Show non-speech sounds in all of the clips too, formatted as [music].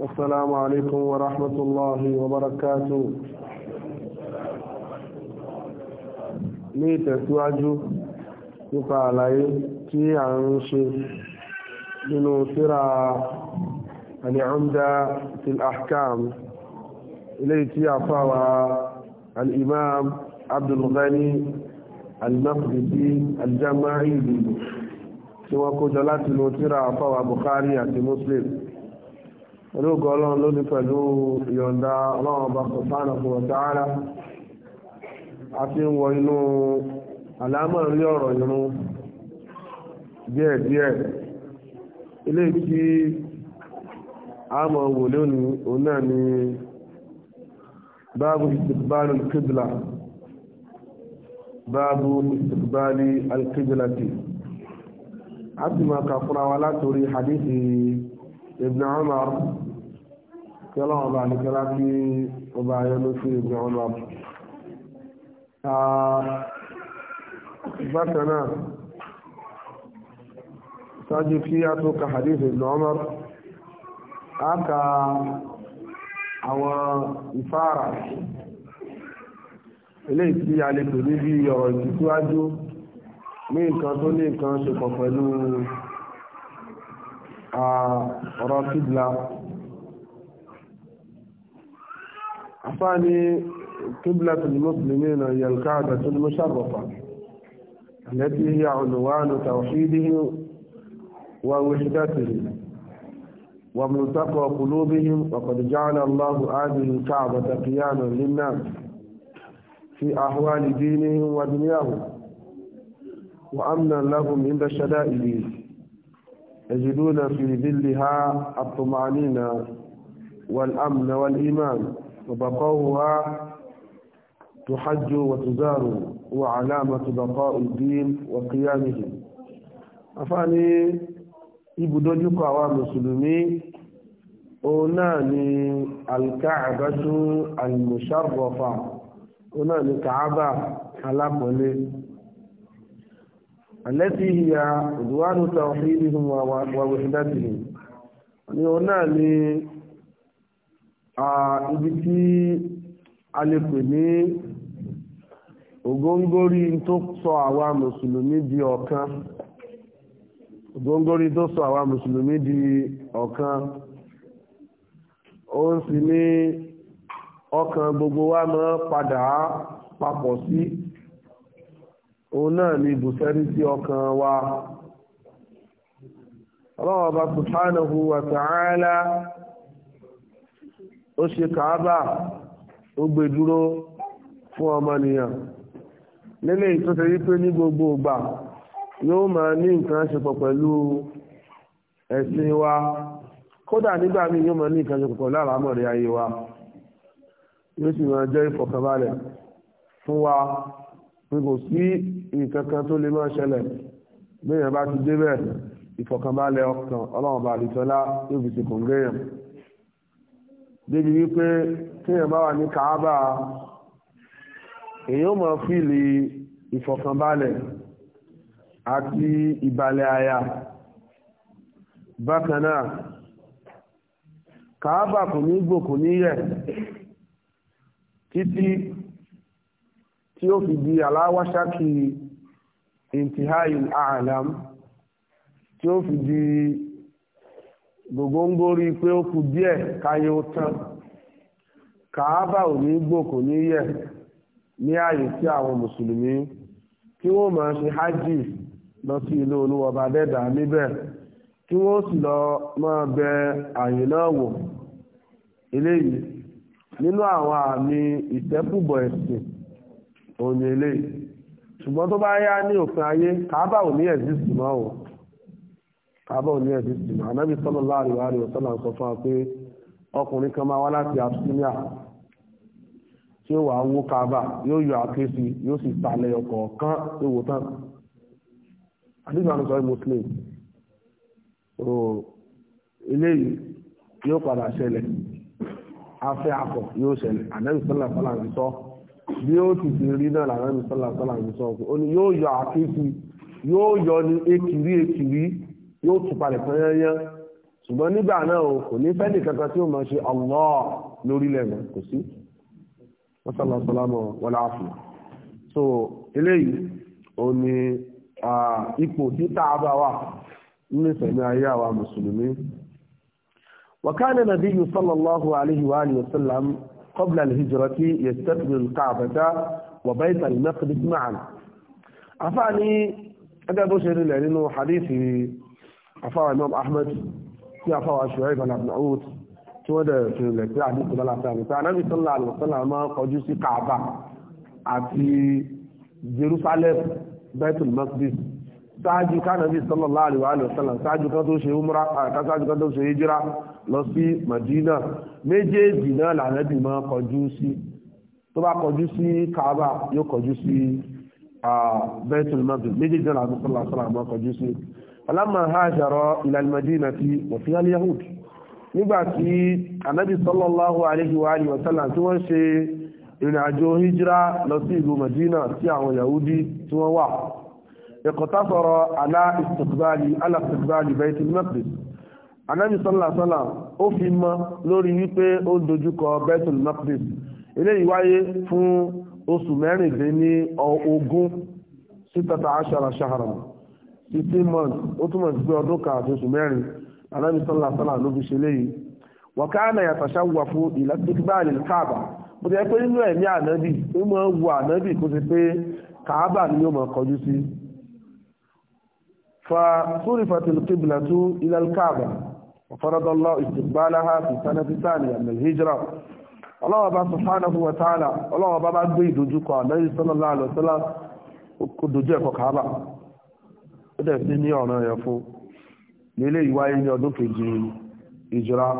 السلام عليكم ورحمة الله وبركاته ميت سواجو يقع علي كي عنشي منو أن عمد في الأحكام إليه كي أفاوى الإمام عبد الغني المقدسي الجماعي سواء كجلات نوتيرا أفاوى بخاري أنت مسلم olóògùn ọlọ́run lónìí pẹ̀lú ìyọ̀ǹda ọlọ́run ọba subhanahu wa ta'ala a ti ń wọ inú àlámọ̀rí ọ̀rọ̀ irun díẹ̀díẹ̀ ilé tí a mọ̀ wò lónìí òun náà ni báàbù istiqbal al báàbù istiqbal al ti a ti máa kà fúnra wa látòrí hadithi ibn umar kẹlẹ́ wọn bá nìkẹ́lá kí ọba ayọ́lọ́ sí ibn umar. bákan náà ṣáájú kí a tó ka hadith ibn umar a ka àwọn ìfáàrà eléyìí tí a lè pè ní bí ọ̀rọ̀ ìtìsíwájú ní nǹkan tó ní nǹkan ṣe pọ̀ pẹ̀lú ọ̀rọ̀ kíbla afáàní kíbla tó ní mùsùlùmí na yalka da tó ní mùsàrọ̀fà التي هي عنوان توحيده ووحدته وملتقى قلوبهم وقد جعل الله هذه الكعبة قياما للناس في أحوال دينهم ودنياهم وأمنا لهم عند شدائدهم يجدون في ظلها الطمأنينة والأمن والإيمان وبقاؤها تحج وتزار وعلامة بقاء الدين وقيامه أفاني ibùdójúkọ àwa mùsùlùmí òun náà ni alkaabatu almusharrafa òun náà ni àlẹ́tì ìhìyà òdùwádùn tawhidihim wa wahdatihim ni òun a lè pè ní ògóńgórí tó sọ àwa mùsùlùmí di ọ̀kan ògóńgórí tó sọ àwa mùsùlùmí di ọ̀kan ó sì ní ọkàn gbogbo wa máa padà papọ̀ òun náà ni ibùsẹ́rí sí ọkàn wa ọlọ́wọ́ ọba subhanahu wa ta'ala ó ṣe kàábà ó gbé dúró fún ọmọnìyàn nílé ìtọ́sẹ̀ wípé ní gbogbo ìgbà yóò máa ní nǹkan ṣe pọ̀ pẹ̀lú ẹ̀sìn wa kódà nígbà míì yóò máa ní nǹkan ṣe pọ̀ pẹ̀lú àlámọ̀rí ayé wa yóò sì máa jẹ́ ìfọ̀kànbalẹ̀ fún wa pé sí nǹkan kan tó lè máa ṣẹlẹ̀ béèyàn bá ti débẹ̀ ìfọ̀kànbalẹ̀ ọkàn ọlọ́run bá àlìtọ́lá yóò fi ṣèkùn géèyàn débi wípé téèyàn bá wà ní Káábà èèyàn máa fìlì ìfọ̀kànbalẹ̀ àti ìbàlẹ̀ àyà bákan náà Káábà kò ní gbò kò ní yẹ̀ títí tí ó fi di aláwáṣákì intihai alam tí ó fi di gògóńgórí pé ó kù díẹ̀ káyé ó tán kàábà ò ní gbò kò ní yẹ ní ààyè tí àwọn mùsùlùmí kí wọ́n máa ṣe hajj lọ sí ilé olúwọba dẹ́dà níbẹ̀ kí wọ́n sì lọ máa bẹ ààyè náà wò eléyìí nínú àwọn àmì ìtẹ́kùbọ̀ ẹ̀sìn òun ni eléyìí ṣùgbọ́n tó bá yá ní òfin ayé kàábà ò ní exist mọ́ o kàábà ò ní exist mọ́ anábì sallallahu alaihi wa sallam sọ fún wa pé ọkùnrin kan máa wá láti absinia tí ó wà ń wó kàábà yóò yọ àkéésì yóò sì sàlẹ̀ ọkọ̀ kan tó wò tán àdìgbà ló sọ pé muslim o eléyìí yóò padà ṣẹlẹ̀ afẹ́ akọ̀ yóò ṣẹlẹ̀ anábì sallallahu alaihi wa sallam bí ó ti ti rí náà làwọn ẹni sọ́là sọ́là ń sọ pé ó ní yóò yọ àkékù yóò yọ ní ekiri ekiri yóò tún palẹ̀ pẹ́yẹ́yẹ́ ṣùgbọ́n nígbà náà o kò ní fẹ́ẹ́ nìkankan tí ó máa ṣe Allah lórílẹ̀ náà kò sí wọ́n sọ́là sọ́là mọ́ so eléyìí ó ní ipò títà bá wà nínú ìsẹ̀mí ayé àwa mùsùlùmí wàkánà nàbí sallallahu alaihi wa alihi wa قبل الهجرة يستقبل الكعبة وبيت المقدس معا عفاني هذا بشر لأنه حديث عفا الإمام أحمد في عفا شعيب بن عبد العود تودى في الاتباع حديث بلا ثاني فالنبي صلى الله عليه وسلم قجوا في كعبة في جيروسالم بيت المقدس ṣáájú kánàbí sallallahu alaihi wa sallam ṣáájú kan tó ṣe umra ṣáájú kan tó ṣe hijira lọ sí Madina méjèèjì náà lànàbì máa kọjú sí tó bá kọjú sí Kaaba yóò kọjú sí Baitul Maqdis méjèèjì náà lànàbì sallallahu alaihi wa sallam máa kọjú sí alamma hajara ila al-Madinati wa fiha al-Yahud nígbàtí anábì sallallahu alaihi wa alihi wa tí wọ́n اقتصر على استقبال على استقبال بيت المقدس anabi sallallahu alaihi wasallam ó fi mọ́ lórí wípé ó dojúkọ Baitul Maqdis eléyìí wáyé fún oṣù mẹ́rìndín ní ogún sítata aṣara ṣahara sixteen months ó túmọ̀ sí pé ọdún kan àti oṣù mẹ́rin anabi sallallahu alaihi wasallam ló fi ṣe léyìí wa kana yatashawwafu ila istiqbal al-Kaaba bó ti yẹ pé nínú ẹ̀mí ànábì ó máa ń wo ànábì kó ti pé kàábà ni yóò máa فصرفت القبلة إلى الكعبة وفرض الله استقبالها في السنة الثانية من الهجرة الله أبا سبحانه وتعالى الله أبا بعد بي دوجوكا النبي صلى الله عليه وسلم دوجوكا كعبة ó sì ní ọ̀nà ẹ̀ fún nílé ìwáyé إجراء. ọdún kejì صلى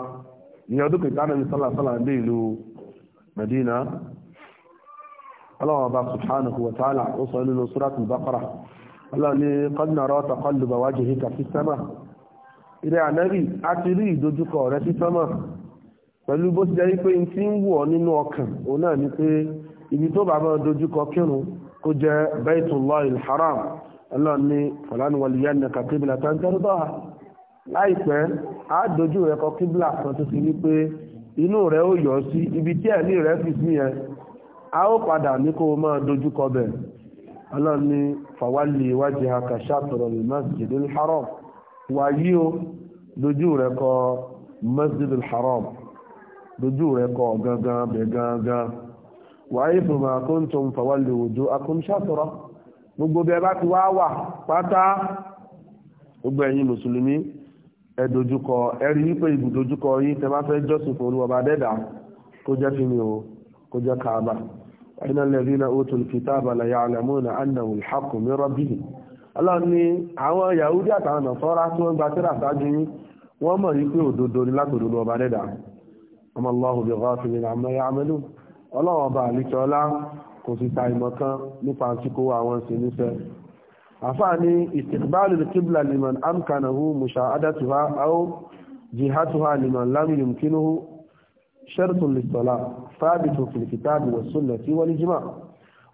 ní ọdún kejì tánàbí sálàsálà الله ìlú Medina Allah ọba subhanahu wa ta'ala ọlọ́ni kọ́dínàrọ́ taqalluba wajhika fis sama ilẹ̀ ànábì a ti rí ìdojúkọ rẹ sí sama pẹ̀lú bó ti jẹ́ wípé n ti ń wù ọ́ nínú ọkàn òun náà ni pé ibi tó bá máa dojúkọ kírun kó jẹ́ baytullahil haram ọlọ́ni falan waliyannaka qiblatan tardaha láìpẹ́ á dojú rẹ kọ kíbla kan tó fi wípé inú rẹ ó yọ sí ibi tí ẹ̀mí rẹ fi sí yẹn a ó padà ní kó máa dojúkọ bẹ́ẹ̀ ọlọ́run ní fàwálì ìwájú aka ṣàtọ̀rọ̀ ní masjid al-haram wàyí o dojú rẹ kọ masjid al-haram dojú rẹ kọ gangan bẹ gangan wàyí fún ma kó ń tún fàwálì òjò akún ṣàtọ̀rọ̀ gbogbo bẹ bá ti wá wà pátá gbogbo ẹ̀yin mùsùlùmí ẹ dojúkọ ẹ rí wípé ibùdojúkọ yìí tẹ bá fẹ́ jọ́sìn fún olúwa bá dẹ́dà kó jẹ́ kí ni o kó jẹ́ káàbà iná lẹ́rí na ó tún kìtà àbàlà ya àlàmúnà annáwò ìhàkù mìíràn bí i ọlọ́run ni àwọn yahudi àtàwọn nàṣọ́ra tí wọ́n gba tírà sáájú yín wọ́n mọ̀ rí pé òdodo ni látòdò lọ ọba dẹ́dà ọmọ ọlọ́run bí ọba fìlẹ̀ àmọ́ ya amẹ́lú ọlọ́run ọba àlìkọ́lá kò sì ta ìmọ̀ kan nípa àsìkò àwọn sì nífẹ̀ àfáàní ìtìkbálù kíbla liman amkanahu musha'adatuha aw jihatuha liman lam yumkinuhu ṣẹ́rùtù lìsọ̀lá fáàbìtù fìlìkìtàbì wọ̀sùnlẹ̀ tí wọ́n ní jímà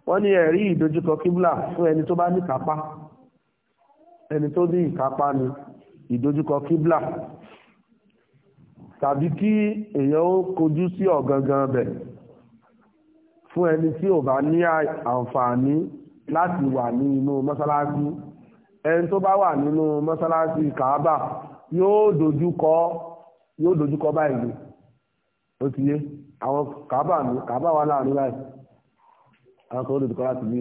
wọ́n ní ẹ̀rí ìdojúkọ kíbùlà fún ẹni tó bá ní kápá ẹni tó ní ìkápá ni ìdojúkọ kíbùlà tàbí kí èèyàn ó kojú sí ọ̀gangan bẹ̀ fún ẹni tí ò bá ní àǹfààní láti wà ní inú mọ́sálásí ẹni tó bá wà nínú mọ́sálásí kàábà yóò dojúkọ yóò dojúkọ báyìí ó ti yé àwọn kàábà wa kàábà wà láàrin báyìí àwọn kan ó dojúkọ láti bí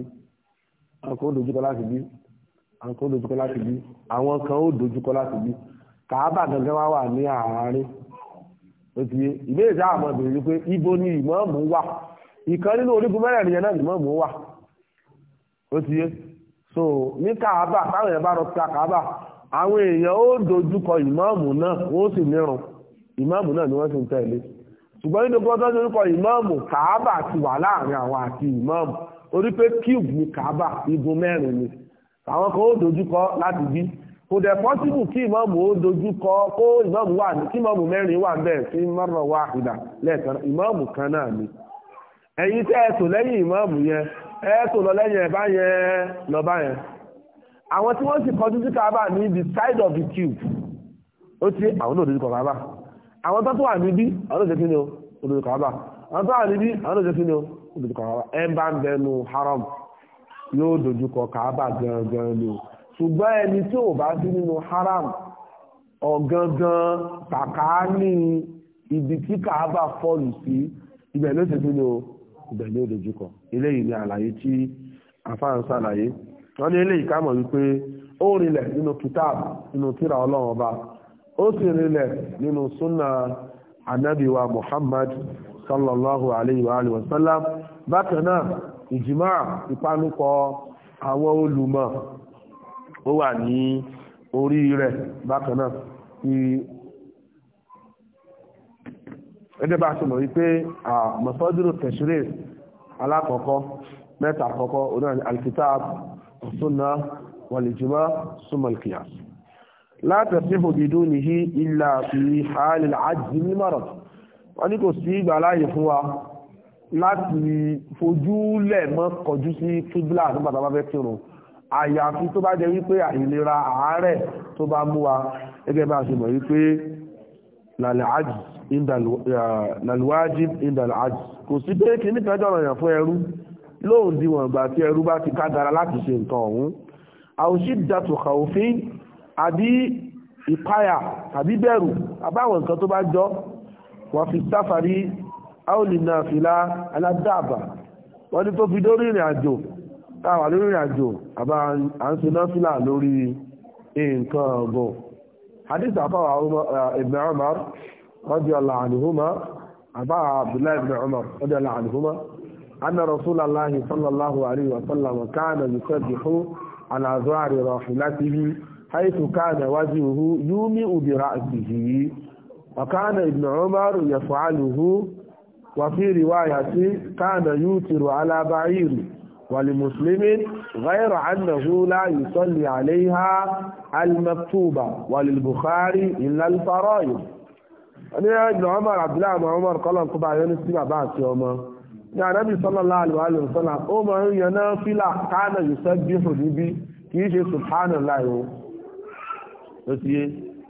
àwọn kan ó dojúkọ láti bí àwọn kan ó dojúkọ láti bí àwọn kan ó dojúkọ láti bí kàábà gangan wá wà ní àárín ó ti yé ìbéèrè sáà àmọ́ bèrè wípé ibo ni ìmọ̀ọ́mù wà ìkan nínú orígun mẹ́rẹ̀ẹ̀rin yẹn náà ni ìmọ̀ọ́mù wà ó ti yé so ní kàábà táwọn èèyàn bá rọ sí kàábà àwọn èèyàn ó dojúkọ ìmọ̀ọ́mù náà wọ́n sì nírun ìmọ̀ọ́mù náà ni wọ́n sì ń tẹ̀lé ṣùgbọ́n nínú gbọ́dọ̀ ní orúkọ ìmáàmù kàábà ti wà láàrin àwọn àti ìmáàmù orí pé cube ní kàábà igun mẹ́rin ni àwọn kan ó dojúkọ láti bí kò dẹ̀ pọ́sibù kí ìmáàmù ó dojúkọ kó ìmáàmù wà ní kí ìmáàmù mẹ́rin wà bẹ́ẹ̀ sí mọ́rọ̀ wá ìdà lẹ́ẹ̀kan ìmáàmù kan náà ni ẹ̀yin tẹ́ ẹ tò lẹ́yìn ìmáàmù yẹn ẹ tò lọ lẹ́yìn ẹ̀ bá yẹn lọ bá yẹn àwọn tí wọ́n sì kọjú sí kàábà ní the side of the cube ó ti àwọn náà dojúkọ kàábà àwọn tó wà níbí àwọn tó jẹ́ kí ni o olùdó kàábà àwọn tó wà níbí àwọn tó jẹ́ kí ni o olùdó kàábà ẹ bá ń bẹnu haram yóò dojú kọ ni o ṣùgbọ́n ẹni tí ò bá sí haram ọ̀gangan ibi tí kàábà fọ́ọ̀lù sí ibẹ̀ ló ṣe ni o ibẹ̀ ló dojú kọ eléyìí ni àlàyé tí àfáà ṣàlàyé wọ́n ní eléyìí ká mọ̀ wípé ó rinlẹ̀ nínú nínú ó sì rinlẹ̀ nínú súnà anábìwa Muhammad sallallahu alayhi wa alihi wa sallam bákan náà ìjìmá ìpanupọ̀ àwọn olùmọ̀ ó wà ní orí rẹ̀ bákan náà ẹgbẹ́ bá ṣe mọ̀ wípé mọ̀sọ́dúró tẹ̀ṣúrẹ́ alákọ̀ọ́kọ́ mẹ́ta àkọ́kọ́ onáà alkitab sunna wal ijma summa látẹ̀sífò dìdó nìyí ilà fi hàálì àjì ní mọ̀rọ̀ wọ́n ní kò sí ìgbà láàyè fún wa láti fojú lẹ̀ mọ́ kọjú sí kíbla nígbà tá a bá fẹ́ kírun àyàfi tó bá jẹ́ wípé àìlera àárẹ̀ tó bá mú wa gẹ́gẹ́ bá a ṣe mọ̀ wípé làlùwájib indalaj kò sí pé kí nípa ẹjọ́ ọ̀ràn fún ẹrú lóòdìwọ̀n ìgbà tí ẹrú bá ti kádàrá láti ṣe nǹkan ọ̀hún àwòṣí dàtùkà àbí ìpáyà tàbí bẹ̀rù àbáwọn nǹkan tó bá jọ wọ́n fi sáfàrí áòlìnà fìlà aládàbà wọ́n ní tó fi dórí ìrìn àjò táwà lórí ìrìn àjò àbá à ń siná fìlà lórí nǹkan ọ̀gùn hadith àfàwà ibn Umar radiyallahu anhuma àbá Abdullahi ibn Umar radiyallahu anhuma أن رسول الله صلى الله عليه وسلم كان يسبح على ظهر راحلته حيث كان وجهه يومئ برأسه وكان ابن عمر يفعله وفي رواية كان يوتر على بعير ولمسلم غير أنه لا يصلي عليها المكتوبة وللبخاري إلا الفرائض أنا ابن عمر عبد الله بن عمر قال أن قبع ينسي بعد يوما يعني النبي صلى الله عليه وآله وسلم أمر ينافل كان يسبح لبي كيش سبحان الله ló ti yé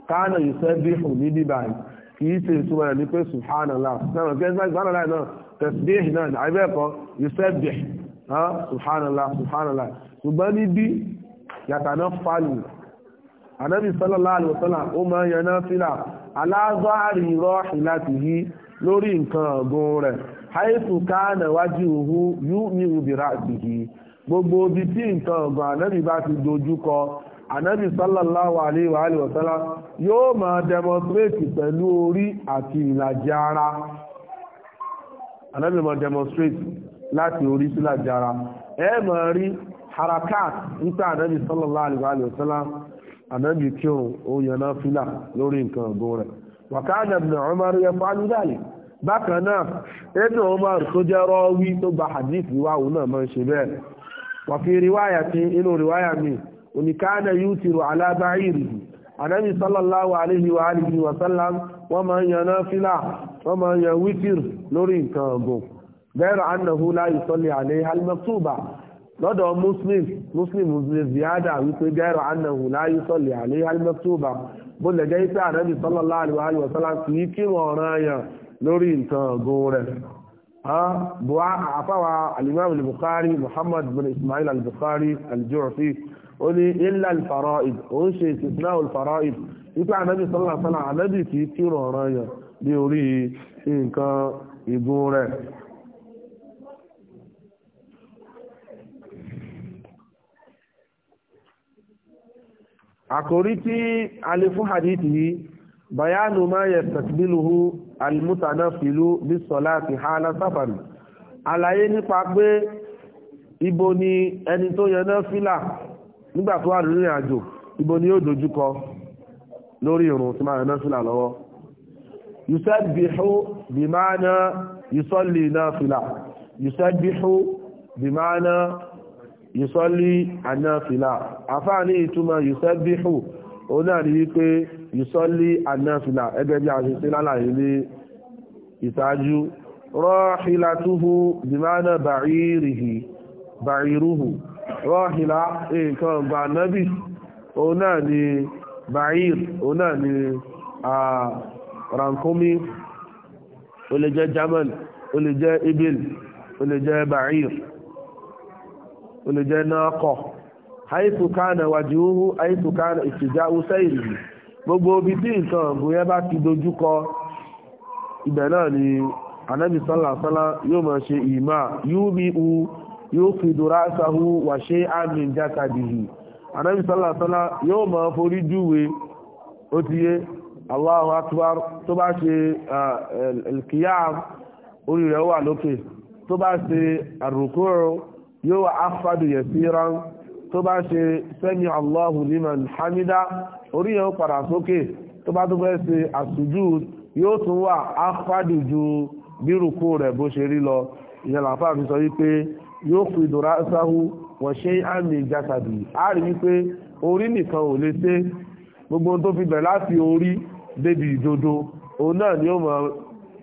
káànà ìfẹ́ bí hù ní bíbá kì í ṣe ìtumọ̀ rẹ̀ ní pé subhanallah náà gẹ́gẹ́ gbàdúrà náà tẹ̀sídéhì náà àìbẹ́ẹ̀kọ́ ìfẹ́ bẹ̀ subhanallah subhanallah ṣùgbọ́n níbí yàtàná fàlù ànábì sallallahu alaihi wasallam ó máa ń yan náfìlà aláàzọ́àrí rọ́ọ̀hì láti yí lórí nǹkan ọ̀gbọ́n rẹ̀ haitu káànà wájú òhu yú ní ubìrà àtìyí gbogbo ibi tí nǹkan ọ̀gbọ́n ànábì bá ti dojú kọ ànábì sallallahu alayhi wa alayhi wa sallam yóò máa demonstrate pẹ̀lú orí àti ìlàjì ara ànábì máa demonstrate láti orí sí ìlàjì ara ẹ máa rí harakat nípa ànábì sallallahu alayhi wa alayhi wa sallam ànábì kírun ó yànnà fílà lórí nǹkan ọ̀gbọ́n rẹ̀ wàkánà ibn Umar yaf'alu dhalik bákan náà ibn Umar tó jẹ́ rọ́wí tó gba hadith wíwáwò náà máa ń ṣe bẹ́ẹ̀ wàfi riwáyà tí inú riwáyà míì oníkáàdà yóò ti rò alábáyìrì anábì sallallahu alayhi wa alihi wa sallam wọ́n máa ń yan náfílà wọ́n máa ń yan wítìr lórí nǹkan ọ̀gùn bẹ́ẹ̀rọ annahu la yusalli alayha al-maktuba lọ́dọ̀ muslim muslim ziyada wípé bẹ́ẹ̀rọ annahu la yusalli alayha al-maktuba bó lẹ́jẹ́ iṣẹ́ anábì sallallahu alayhi wa sallam kì í kírun ọ̀ràn yàn lórí nǹkan ọ̀gùn rẹ̀ àfáwà alimami al muhammad bin ismail al-bukhari al-ju'fi ó ní ilá ìfàrọ̀ ìd ó ń ṣe ìsìnkú ìfàrọ̀ ìd wípé ànábì sọ́lá sọ́lá ànábì kì í kírun ọ̀ràn yàn ní orí nǹkan ìgún rẹ̀. àkòrí tí a lè fún hadithi yìí bayanu ma yastaqbiluhu almutanafilu bisolati hala safari àlàyé nípa pé ibo ni ẹni tó yẹn náà fílà nígbà tó wà lórí àjò ibo ni yóò dojúkọ lórí irun tí máa náà fìlà lọ́wọ́ yusabbihu bimana yusalli nafila yusabbihu bimana yusalli anafila àfáàní ìtumọ̀ yusabbihu ó náà rí wípé yusalli anafila ẹgbẹ́ bí a ṣe sí lálàyé ní ìṣáájú rahilatuhu bimana bàírìhì bàírùhù rọ́hìlá nǹkan ọgbà nábì òun náà ni ba'ir òun náà ni rankumi ó lè jẹ́ jamal ó lè jẹ́ ibil ó lè jẹ́ ba'ir ó lè jẹ́ náàkọ̀ haythu kana wajhuhu haythu kana ìtìjáwó sayrihi gbogbo ibi tí nǹkan ọ̀gbìn yẹn bá ti dojúkọ ibẹ̀ náà ni anábì sallallahu yóò máa ṣe ìmá yúbí u yóò fi dùrá sáhú wà ṣe àmì jákàdìhì anábì sálàsálà yóò mọ̀ forí júwe ó ti yé Allahu akbar tó bá ṣe alkiyam orí rẹ̀ wà lókè tó bá ṣe àrùkúrò yóò wà áfàdù yasiran tó bá ṣe sami Allahu liman hamida orí yẹn ó padà sókè tó bá tó fẹ́ ṣe àsùjúd yóò tún wà áfàdù ju bírùkú rẹ̀ bó ṣe rí lọ ìyẹn làfáà fi sọ wípé yóò fi dùrá sáhú wọ́n ṣe àmì ìjásàdì a rí wípé orí nìkan ò lè ṣe gbogbo tó fi bẹ̀ láti orí débi ìdodo òun náà ni ó mọ̀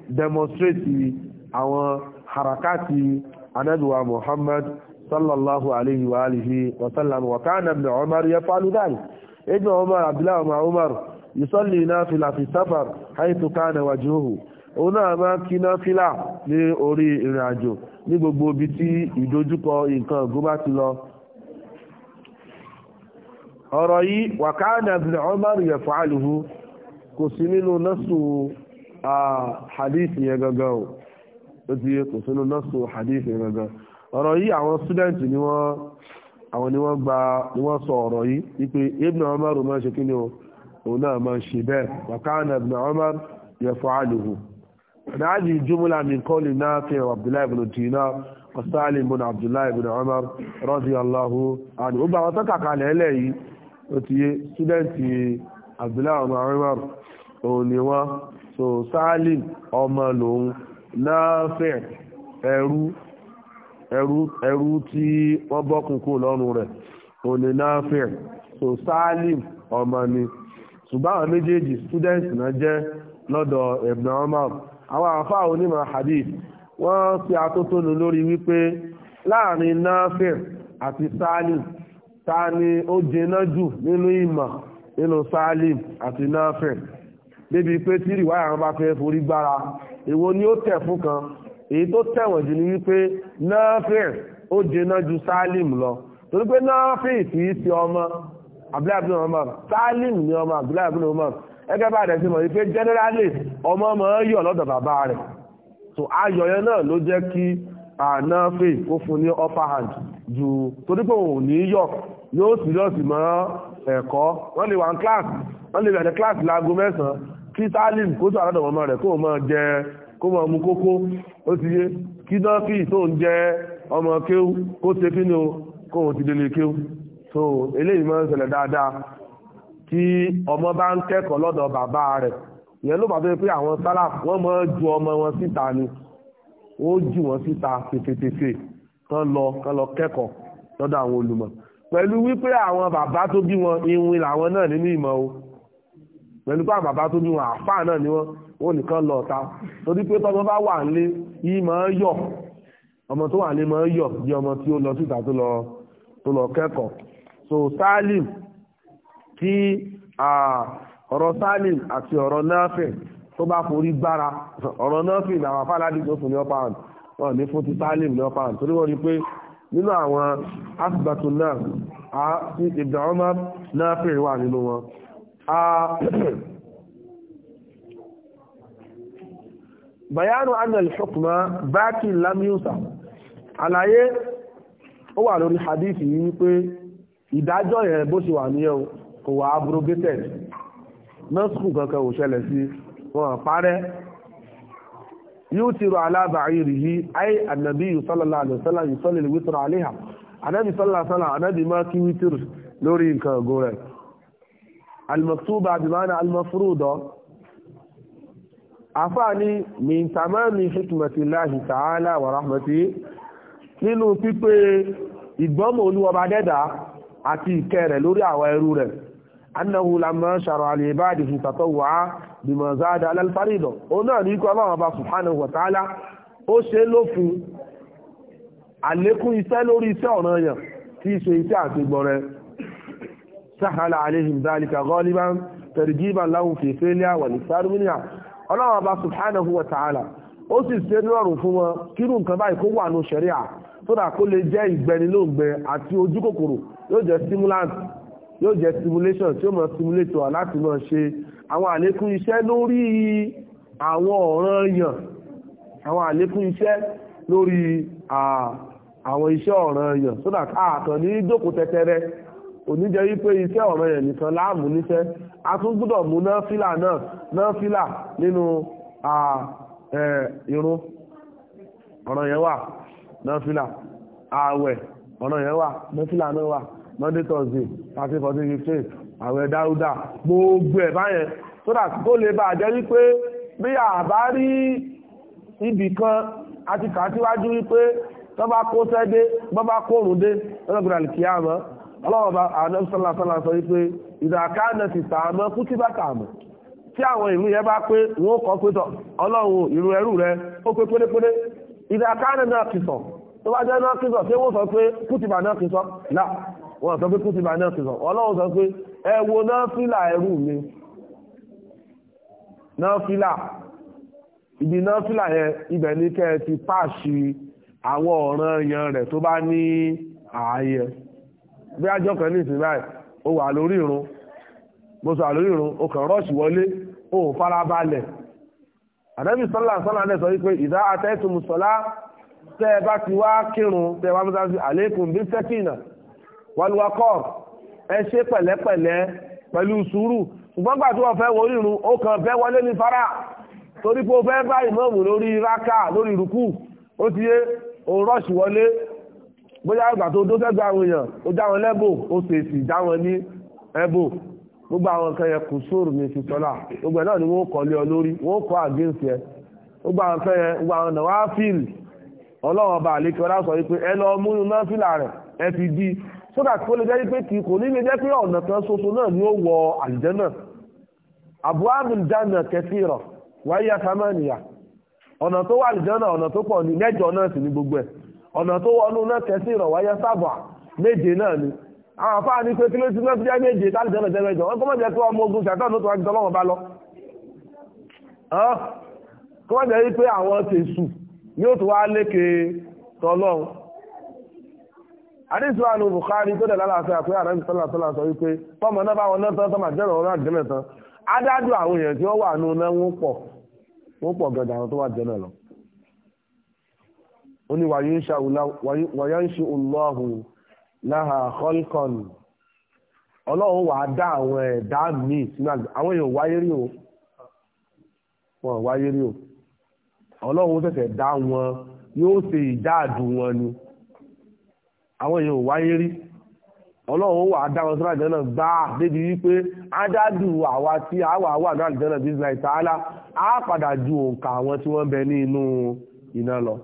demonstrate àwọn harakati anaduwa muhammad sallallahu alaihi wa alihi wa sallam wa kana ibn umar yafalu dhalik ibn umar abdullah ibn umar yusalli nafila fi safar haythu kana wajhuhu òun náà máa kí náfílà ní orí ìrìn àjò ní gbogbo ibi tí ìdojúkọ nǹkan ọ̀gbọ́n bá ti lọ. ọ̀rọ̀ yìí wàkàánà alihu Umar yaf'aluhu kò sí nínú gangan o ó ti kò sí nínú gangan ọ̀rọ̀ yìí àwọn student ni wọ́n àwọn ni wọ́n gba ni wọ́n sọ ọ̀rọ̀ yìí wípé Umar máa ṣe kí ni o òun náà máa ṣe bẹ́ẹ̀ wàkàánà هذه الجملة من قول نافع وعبد الله بن دينار وسالم بن عبد الله بن عمر رضي الله عنه وبا على إليه وتي سودانتي عبد الله بن عمر ونوا so tí wọ́n lọ́rùn rẹ̀ náàfẹ́ so salim ọmọ ni ṣùgbọ́n àwọn méjèèjì students náà jẹ́ lọ́dọ̀ àwọn àfáà onímọ̀ hadith wọ́n fi atótónu lórí wípé láàrin Nafi' àti Salim ta ni ó jẹná jù nínú ìmọ̀ nínú Salim àti Nafi' débi pé tí ìwáyà wọn bá fẹ́ forí gbára èwo ni ó tẹ̀ fún kan èyí tó tẹ̀wọ̀n jù ni wípé Nafi' ó jẹná ju Salim lọ torí pé Nafi' kì í ṣe ọmọ Abdullahi bin Umar Salim ni ọmọ Abdullahi bin Umar ẹgẹ́ bá rẹ̀ sí mọ̀ wípé generally ọmọ ọmọ yọ̀ lọ́dọ̀ bàbá rẹ̀ so ayọ̀ yẹn náà ló jẹ́ kí àná fè kó fún ní upper hand ju torí pé òun ní yọ̀ yóò sì lọ sí mọ́ ẹ̀kọ́ wọ́n lè wà ní class wọ́n lè bẹ̀rẹ̀ class láago mẹ́sàn-án kí salim kó tó àlọ́dọ̀ ọmọ rẹ̀ kó o máa jẹ kó máa mu kókó ó ti yé kí náà kí tó jẹ ọmọ kéwú kó ṣe kí ni o kó o ti délé kéwú so eléyìí máa ń ṣẹlẹ̀ dáadáa tí ọmọ bá ń kẹ́kọ̀ọ́ lọ́dọ̀ bàbá rẹ̀ ìyẹn ló bàbá pé àwọn sálà wọ́n mọ́ ju ọmọ wọn síta ni ó jù wọ́n síta fèfèfèfè kán lọ kán lọ kẹ́kọ̀ọ́ lọ́dọ̀ àwọn olùmọ̀ pẹ̀lú wípé àwọn bàbá tó bí wọn iwin làwọn náà nínú ìmọ̀ o pẹ̀lú pé àwọn bàbá tó bí wọn àfáà náà ni wọ́n ó nìkan lọ ọ̀ta torí pé tọmọ bá wà nílé yìí máa ń yọ̀ ọmọ tó wà nílé máa ń yọ̀ bí ọmọ tí ó lọ síta tó lọ kẹ́kọ̀ọ́ so Salim tí ọ̀rọ̀ salim àti ọ̀rọ̀ náfẹ̀ tó bá forí gbára ọ̀rọ̀ náfẹ̀ ní àwọn afáàládì tó fún ní ọ́pàán wọn ní fún ti salim ní ọ́pàán torí wọ́n rí pé nínú àwọn asibatu náà a ti Ibn Umar náfẹ̀ wà nínú wọn [coughs] bayanu anna al-hukma baki lam yusa àlàyé ó wà lórí hadithi yìí wípé ìdájọ́ yẹn bó ṣe wà níyẹn kò wà abrogated nọ́ọ̀sùn kankan ò ṣẹlẹ̀ sí wọn parẹ́ yóò ti rọ alábàáyé rí yí ayé ànàbí ìsọ́lọ́lá àlùsọ́lá ìsọ́lẹ̀ ìwítọ̀rọ̀ àléhà ànàbí sọ́lọ́sọ́lá ànàbí máa kí wítìrì lórí nǹkan ọ̀gọ́ rẹ̀ almaktuba àbìmánà almafurudọ àfáàní mìntàmáàmì hikmatillahi ta'ala wa rahmati nínú pípé ìgbọ́mọ̀ olúwọba dẹ́dà àti ìkẹ́ rẹ̀ lórí àwọn ẹrú rẹ̀ annahu lamma shara li ibadihi tatawwa bima zada ala al-farida o na ni ko Allah ba subhanahu wa ta'ala ó ṣe lófin àlékún iṣẹ́ lórí iṣẹ́ ọ̀ranyàn tí ṣe iṣẹ́ àti gbore sahala alaihim dhalika ghaliban tarjiban lahum fi filia wa lisar minha Allah ba subhanahu wa ta'ala ó sì ṣe lorun fún wọn kiru nǹkan báyìí kó wà no sharia tó dà kó lè jẹ́ ìgbẹ́ni lóǹgbẹ àti ojú kòkòrò yóò jẹ́ stimulant yóò jẹ́ stimulation tí ó mọ̀ stimulate wa láti mọ̀ ṣe àwọn àlékún iṣẹ́ lórí àwọn ọ̀ràn yàn àwọn àlékún iṣẹ́ lórí àwọn iṣẹ́ ọ̀ràn yàn so that àtọ̀ ní jókòó tẹ́tẹ́rẹ́ oníjẹ́ wípé iṣẹ́ ọ̀ràn yàn nìkan láàmú níṣẹ́ a tún gbọ́dọ̀ mú náfìlà náà náfìlà nínú irun ọ̀ràn yẹn wà náfìlà ààwẹ̀ ọ̀ràn yẹn wà náfìlà náà wà monday thursday thirty fourteen fifteen àwẹ̀ dáúdà gbogbo ẹ̀ báyẹn so that kó lè bá jẹ́ wípé bí àbá rí ibì kan àti kà síwájú wípé tó bá kó sẹ́dé bó bá kórun dé lọ́gbọ̀dà lè kíá mọ́ ọlọ́wọ́ba àwọn sọ́lá sọ wípé ìdàká náà ti tààmọ́ kú tí bá tààmọ́ tí àwọn ìlú yẹn bá pé wọ́n kọ́ pé tọ̀ ọlọ́run ìlú ẹrú rẹ ó pé pérépéré ìdàká náà kìsọ̀ tó bá jẹ́ náà kìsọ̀ tí wọ́n sọ pé kú ti bà náà kìsọ̀ náà wọ́n sọ pé kú ti bá náà ti sọ ọlọ́run sọ pé ẹ wo náfìlà ẹrú mi náfìlà ibi náfìlà yẹn ibẹ̀ ní kẹ́ ẹ ti páàṣì àwọn ọ̀ràn yẹn rẹ̀ tó bá ní ààyè bí ajọ kan ní ìsìn báyìí ó wà lórí irun mo sọ àlórí irun ó kàn rọ́ọ̀ṣì wọlé ó farabalẹ̀ ànábì sọ́lá sọ́lá náà sọ wípé ìdá atẹ́tùmùsọ́lá tẹ́ ẹ bá ti wá kírun tẹ́ ẹ bá mú sáà àlékún bí sẹ́kìnà wàlúwakọ́ ẹ ṣe pẹ̀lẹ́pẹ̀lẹ́ pẹ̀lú sùúrù ṣùgbọ́n gbà tó wọ́n fẹ́ wọlé irun ó kàn fẹ́ wọlé ní fara torí pé ó fẹ́ bá ìmọ̀ọ̀mù lórí rákà lórí ìrùkù ó ti yé òun rọ́ọ̀ṣì wọlé bóyá ìgbà tó dó fẹ́gbẹ́ àwọn èèyàn ó já wọn lẹ́bò ó ṣèṣì já wọn ní ẹbò gbogbo àwọn nǹkan yẹn kù sóòrù ní ìfisọ́lá gbogbo ẹ̀ náà ni wọ́n kọ́ lé ọ lórí wọ́n kọ́ àgéǹsì ẹ gbogbo àwọn nǹkan yẹn gbogbo àwọn nàwáfíìl ọlọ́run ọba àlékè ọlá sọ wípé ẹ lọ mú iná fìlà rẹ̀ ẹ fi dí so that kó lè jẹ́ pé kì kò ní lè jẹ́ pé ọ̀nà kan soso náà ni ó wọ àlìjẹ́nà àbúhámù jánà rọ wáyé samaniya ọ̀nà tó wà àlìjẹ́nà ọ̀nà tó pọ̀ ní mẹ́jọ náà sì ní gbogbo ẹ̀ ọ̀nà tó wọnú náà kẹfìrọ̀ wáyé sábà méje náà ni àwọn afáà ní pé náà ti jẹ́ méje jẹ́ mẹ́jọ wọn kọ́ mọ̀ jẹ́ pé ọmọ ogun tó àdéhùn àánú Bukhari tó dẹ̀ lálàáfíà pé àrẹ sọ́là sọ́là sọ wípé tọmọ náà bá wọn náà tán tọmọ àjẹrò ọ̀rọ̀ àjẹmẹ̀ tán adájú àwọn èèyàn tí wọ́n wà nù náà wọ́n pọ̀ wọ́n pọ̀ gẹ̀dẹ̀ àwọn tó wà jẹ́ náà lọ. ó ní wàyá ń ṣe olóhùn láhà kọ́lkọ́n ọlọ́run wà á dá àwọn ẹ̀dá míì sínú àgbẹ̀ àwọn èèyàn wáyé rí o wọ́n wáyé rí o ọlọ́run tẹ̀sẹ̀ dá wọn yóò ṣe ìdáàdù wọn ni àwọn èèyàn wáyé rí ọlọ́run wà á dá wọn sọ́nà àjẹ́nà débi wípé ádádù àwa tí a wà wà náà àjẹ́nà bísí ìtàhálà á padà ju òǹkà àwọn tí wọ́n bẹ ní inú iná lọ.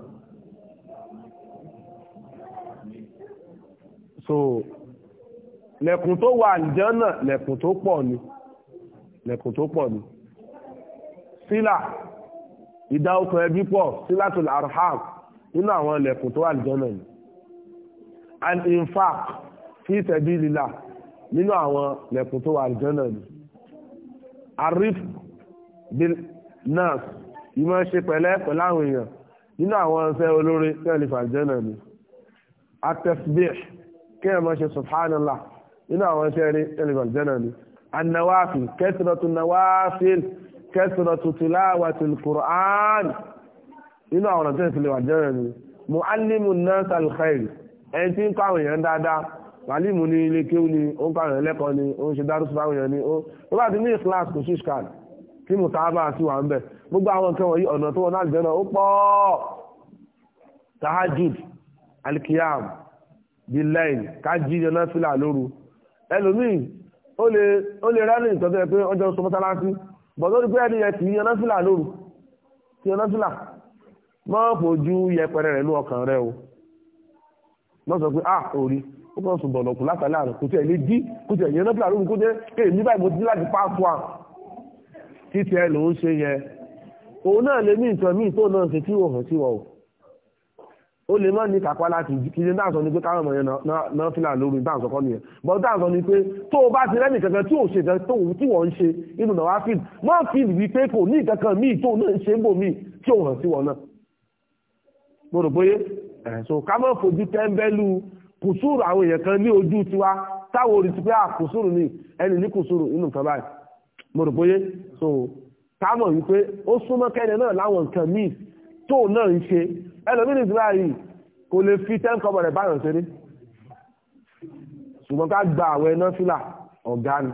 so lẹ̀kùn tó wà àjẹ́nà lẹ̀kùn tó pọ̀ ni lẹ̀kùn tó pọ̀ ni sílà ìdá okùn ẹbí pọ̀ sílà tó làrhàm nínú àwọn lẹ̀kùn tó wà àjẹ́nà ni and in fact fi sabilillah nínú àwọn lẹ́kùn tó wà àlùjànnà ni arif bil nas ìmọ̀ ṣe pẹ̀lẹ́ pẹ̀lú àwọn èèyàn nínú àwọn ọ̀sẹ̀ olóore tẹ́lẹ̀ fàlùjànnà ni atẹ́sibíẹ̀ kí ẹ̀ máa ṣe subhanallah nínú àwọn iṣẹ́ rí tẹ́lẹ̀ fàlùjànnà ni annawafi kẹsìrọ̀tù nawafil kẹsìrọ̀tù tilawati al nínú àwọn ọ̀sẹ̀ ìfìlẹ̀ fàlùjànnà ni muallimu nas al ẹni tí ń kọ́ àwọn èèyàn dáadáa màálìmù ní ilé kéwú ni ó ń kọ́ àwọn ni ó ń ṣe dárúsù èèyàn ni ó ó bá ti ní ìkíláàs kò sí ṣkàn kí mo ta gbogbo àwọn nǹkan wọ̀nyí ọ̀nà tó wọn láti bẹ̀rẹ̀ ó pọ̀ tahajud alikiyam bilail kájí yọná fìlà lóru ẹlòmíì ó lè ó lè ìtọ́jú ẹ pé sọ í yọná lóru kì í yọná rẹ wọ́n sọ pé ah orí ó kàn sùn bọ̀lọ̀kù látàlẹ́ àrùn kò tiẹ̀ lè dí kò tiẹ̀ yẹn lọ́pìlà lóhun kó jẹ́ pé èmi báyìí mo ti láti pàṣọ à títí ẹ lòún ṣe yẹn òun náà lè ní nǹkan míì tó náà ṣe tí wọ́n hàn sí wọ́n o ó lè má ní kápá láti kìí dáàsọ ni pé káwọn ọmọ yẹn náà fìlà lórí dáàsọ kọ́ nìyẹn bọ́ dáàsọ ni pé tó o bá ti rẹ́nì kankan tí ò ṣe kan tó tí wọ́n ń ṣe inú náà wá fìlì má fìlì wí pé kò ní ìkankan míì tó náà ń ṣe ń bò míì tí ò hàn sí wọn náà mo rò bóyé Eh, so ká mọ̀ fojú tẹ́ńbẹ́lú kùsùrù àwọn èèyàn kan ní ojú tiwa táwọn orí ti pé à ah, kùsùrù ni ẹni ní kùsùrù inú nǹkan báyìí mo rò bóyé so ká mọ̀ wípé ó súnmọ́ kẹ́ni náà láwọn nǹkan míì tó náà ń ṣe ẹlòmínì ti báyìí kò lè fi tẹ́ńkọ́bọ̀ rẹ̀ báyọ̀ ṣeré ṣùgbọ́n ká gba àwọn ẹná fílà ọ̀gá ni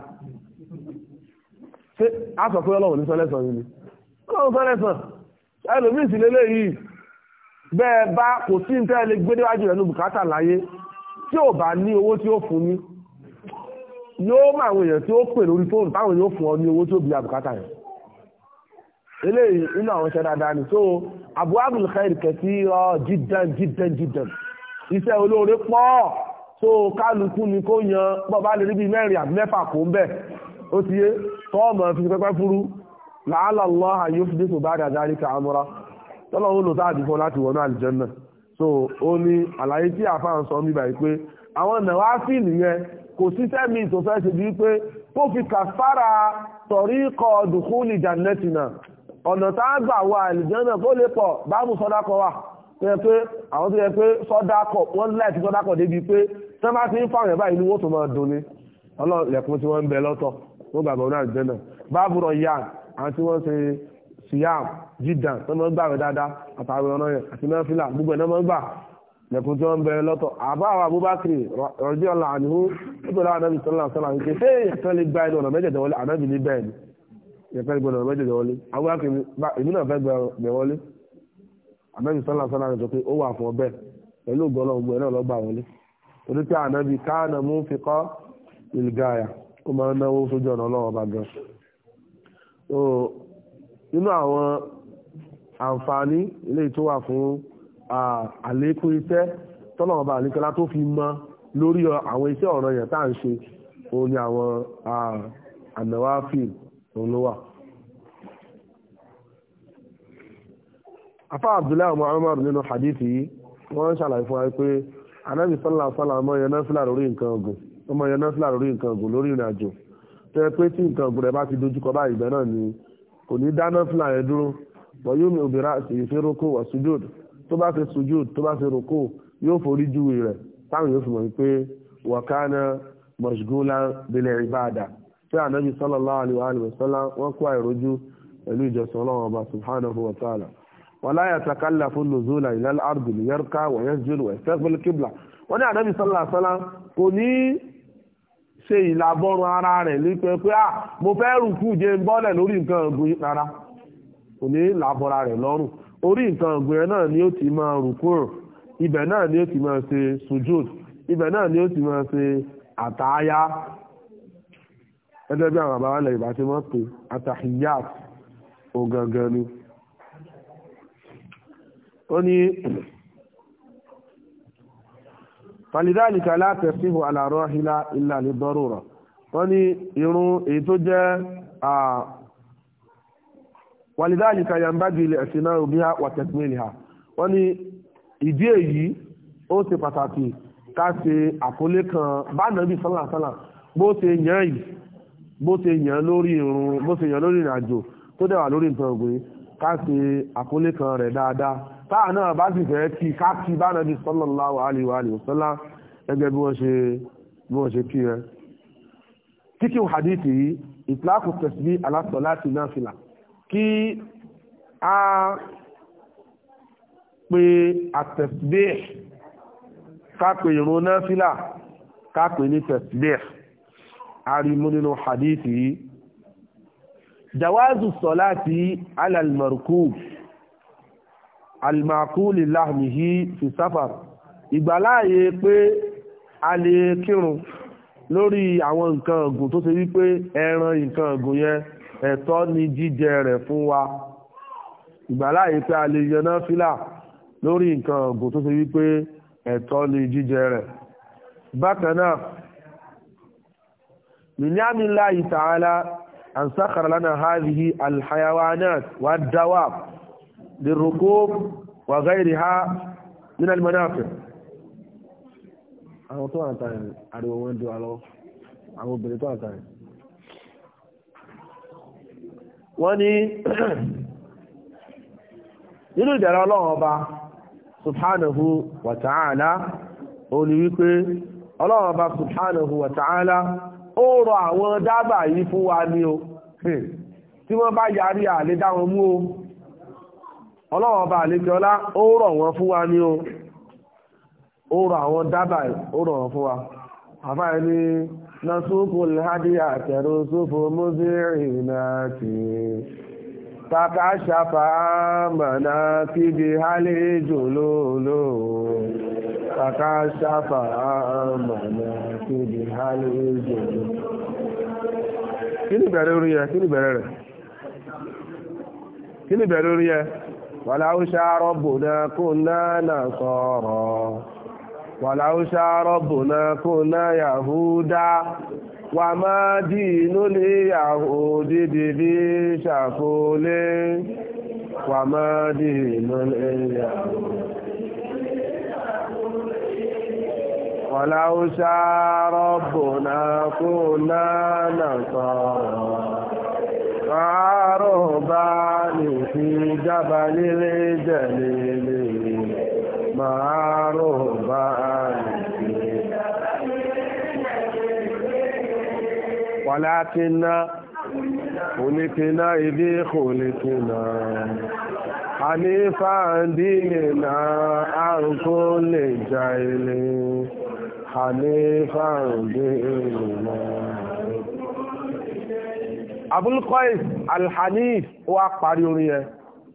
ṣé a sọ pé ọlọ́run ní sọ́lẹ́sàn yìí ni ọlọ́run sọ́lẹ́sàn ẹlòmínì sì lélẹ́yìí bẹ́ẹ̀ bá kò sí tẹ́ lè gbé déwájú rẹ̀ ní bùkátà láyé tí ò bá ní owó tí ó fún ní yóò mọ àwọn èèyàn tí ó pè lórí fóònù táwọn yóò fún ọ ní owó tí ó bí yẹn eléyìí àwọn iṣẹ́ dáadáa ni so abuabul khair kẹsí ọ jíjẹun jíjẹun jíjẹun iṣẹ́ olóore pọ̀ so kálukú ni kó yan bọ́ bá lè rí bíi mẹ́rin àbí mẹ́fà kó ń bẹ̀ ó ti yé pẹ́pẹ́ furu làálàá lọ́ọ́ àyè ó fi dé tó bá tọ́lọ́wọ́ lò sáà dìfọ́ láti wọnú àlìjẹ́nà so ó ní àlàyé tí àfa ń sọ níbàyí pé àwọn nàwa fíìlì yẹn kò sí sẹ́mi tó fẹ́ ṣe bíi pé kó fi kàfàrà tọ̀rí kọ dùkúlì jàǹdẹ́tìnà ọ̀nà tá a gbà wọ àlìjẹ́nà kó lè pọ̀ báàbù sọ́dá kọ wà tó yẹ pé àwọn tó yẹ pé sọ́dá kọ wọ́n láì fi débi pé tẹ́ ń fáwọn ẹ̀ báyìí wọ́n tó máa dùn ni tí wọ́n ń bẹ lọ́tọ̀ wọ́n gbàgbọ́ náà jẹ́ náà báàbù rọ̀ yá àti wọ́n ṣe siam jidan tó máa ń gbà rẹ dáadáa àtàwọn ọ̀nà yẹn àti mẹ́fìlà gbogbo ẹ̀ náà máa ń gbà lẹ́kùn tí wọ́n ń bẹ̀rẹ̀ lọ́tọ̀ àbá àwọn Abubakar rọ̀jí ọ̀la àníhú nígbàdá anábì sọ́lá sọ́lá ń ké ṣé ìyẹ̀fẹ́ lè gba ẹnu ọ̀nà mẹ́jẹ̀dẹ̀ wọlé anábì ní bẹ́ẹ̀ ni ìyẹ̀fẹ́ lè gba ọ̀nà mẹ́jẹ̀dẹ̀ wọlé Abubakar èmi náà fẹ́ gbẹ wọlé anábì sọ́lá sọ́lá ń sọ pé nínú àwọn àǹfààní eléyìí tó wà fún àlékún iṣẹ́ tọ́nà ọba àlékọ́lá tó fi mọ lórí àwọn iṣẹ́ ọ̀ràn yẹn tá à ń ṣe òun ni àwọn ànáwá fíìmù òun ló wà. afa abdullahi muhammad nínú hadithi yìí wọ́n ṣàlàyé fún wa pé anábì sọ́lá sọ́lá ọmọ yẹn náà fìlà lórí nǹkan ọ̀gùn ọmọ yẹn náà fìlà lórí nǹkan ọ̀gùn lórí ìrìn àjò tó pé tí nǹkan ọ̀gùn rẹ̀ bá ti dojúkọ báyìí bẹ́ẹ̀ náà ni kò ní dáná fúlà yẹn dúró wọ́n yóò mi obìnrin àti ìfẹ́ roko wà sujud tó bá ṣe sujud tó bá ṣe roko yóò forí júwe rẹ̀ táwọn yóò fi mọ̀ pé wàkánà mọ̀ṣgúnlá bẹ̀lẹ̀ ìbáàdà tí ànábì sallallahu alaihi wa sallam wọ́n kó àìrójú pẹ̀lú ìjọsìn ọlọ́run ọba subhanahu wa ta'ala wala yatakallafu nuzula ila al-ardi liyarka wa yasjudu wa yastaqbil qibla wọ́n ní ànábì sallallahu alaihi wa sallam kò ní ṣe ìlàbọ̀rùn ara rẹ̀ lípẹ́ pé à mo fẹ́ rùkú jẹ́ ń bọ́lẹ̀ lórí nǹkan ọ̀gbìn rárá kò ní làbọ̀ra rẹ̀ lọ́rùn orí nǹkan ọ̀gbìn náà ni ó ti máa rùkú rùn ibẹ̀ náà ni ó ti máa ṣe sujud ibẹ̀ náà ni ó ti máa ṣe àtàáyá ẹgbẹ́ bí àwọn àbáwá ilẹ̀ Yorùbá mọ́ pé àtàhíyàt ògangan ni ó ní fàlìdáàlìkà látẹ̀síhù àlàrọ́hìlá ìlà ní dọ́rùrọ̀ wọ́n ní irun èyí tó jẹ́ wàlìdáàlìkà yàmbájú ilẹ̀ ẹ̀sìn náà òbí ha wà tẹ̀símẹ́lì ha wọ́n ní ìdí èyí ó ṣe pàtàkì ká ṣe àkólé kan bá nàbí sálàsálà bó ṣe yàn yìí bó ṣe yàn lórí irun bó ṣe yàn lórí ìrìnàjò tó dẹ̀ wà lórí nǹkan ògbìn ká ṣe àkólé kan rẹ̀ dáadáa táà náà bá sì fẹ́ kí ká kí bá nàbí sallallahu alaihi wa sallam gẹ́gẹ́ bí wọ́n ṣe bí wọ́n ṣe kí rẹ̀ kíkí hadithi yìí ìtìláàkù tẹ̀sí alásọ̀ láti náà fìlà kí a pe àtẹ̀sí ká ìrún náà fìlà ká ní tẹ̀sí arimu nínú hadithi jawazu sọ láti alimakuli lahmihi fi safar ìgbàláàyè pé a lè kírun lórí àwọn nǹkan ọ̀gùn tó ṣe wípé ẹran nǹkan ọ̀gùn yẹn ẹ̀tọ́ ni jíjẹ rẹ̀ fún wa ìgbàláàyè pé a lè yẹná fílà lórí nǹkan ọ̀gùn tó ṣe wípé ẹ̀tọ́ ni jíjẹ rẹ̀ bákan náà mìníàmìlá ìtàhálà àǹsákàrà lánàá háàbìhí alhayawanat wà dáwàbù للركوب وغيرها من ha àwọn tó wà ń tàyẹ̀ àríwò wọn dùn àlọ́ àwọn obìnrin tó wà ń tàyẹ̀ wọ́n ní nínú ìdẹ̀rẹ̀ ọlọ́run ọba wa ta'ala ó ní wa ọlọ́wọ́ ọba àlejọ́lá ó rọ̀ wọ́n fún wa ní o rọ̀ àwọn dábà ó rọ̀ wọ́n fún wa àfáà ní nasúkú lhadi àtẹ̀rù súfù mùsírì náà kí ni bẹ̀rẹ̀ orí kí ni bẹ̀rẹ̀ rẹ̀ kí ni bẹ̀rẹ̀ orí ولو شاء ربنا كنا نصارى ولو شاء ربنا كنا يهودا وما دين اليهود بذي شكول وما دين اليهود ولو شاء ربنا كنا نصارى ورهبانيا الجبل الجليل مع رهبان ولكن خلقنا إذ خلقنا حنيفا ديننا عن كل جاهل حنيفا ديننا Abul Qais Al-Hanif wá parí orin yẹn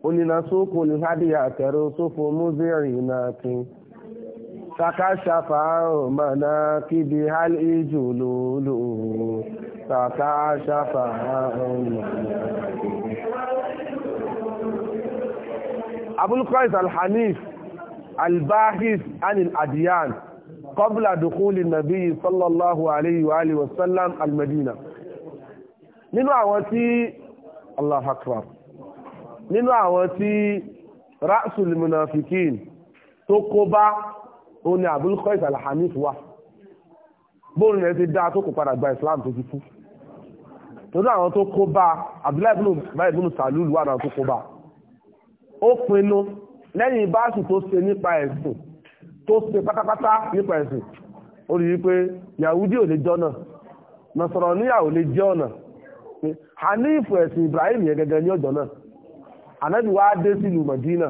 onínáṣókò ní hádìyà àtẹ̀rọ sófo múzírì náà kí takashafa mana kíbi hal ijù lòlò takashafa mana abulqais alhanif albahis anil adiyan qabla dukuli nabi sallallahu alayhi wa alihi wasallam almadina nínú àwọn tí allah akbar nínú àwọn tí rasul munafikin tó kó bá òun ni abul qais alhamid wà bóun rẹ̀ ti dá tó kò padà gba islam tó ti kú torí àwọn tó kó bá abdullahi ibn salul wà náà tó kó bá ó pinnu lẹ́yìn báàsì tó ṣe nípa ẹ̀sìn tó ṣe pátápátá nípa ẹ̀sìn ó rí wípé yahudi ò lè jọ́nà nasaraniya ò lè jẹ́ ọ̀nà hanifu ẹ̀sìn ibrahim yẹn gẹ́gẹ́ ní ọjọ́ náà ànábì wá dé sílùú mọ̀dínà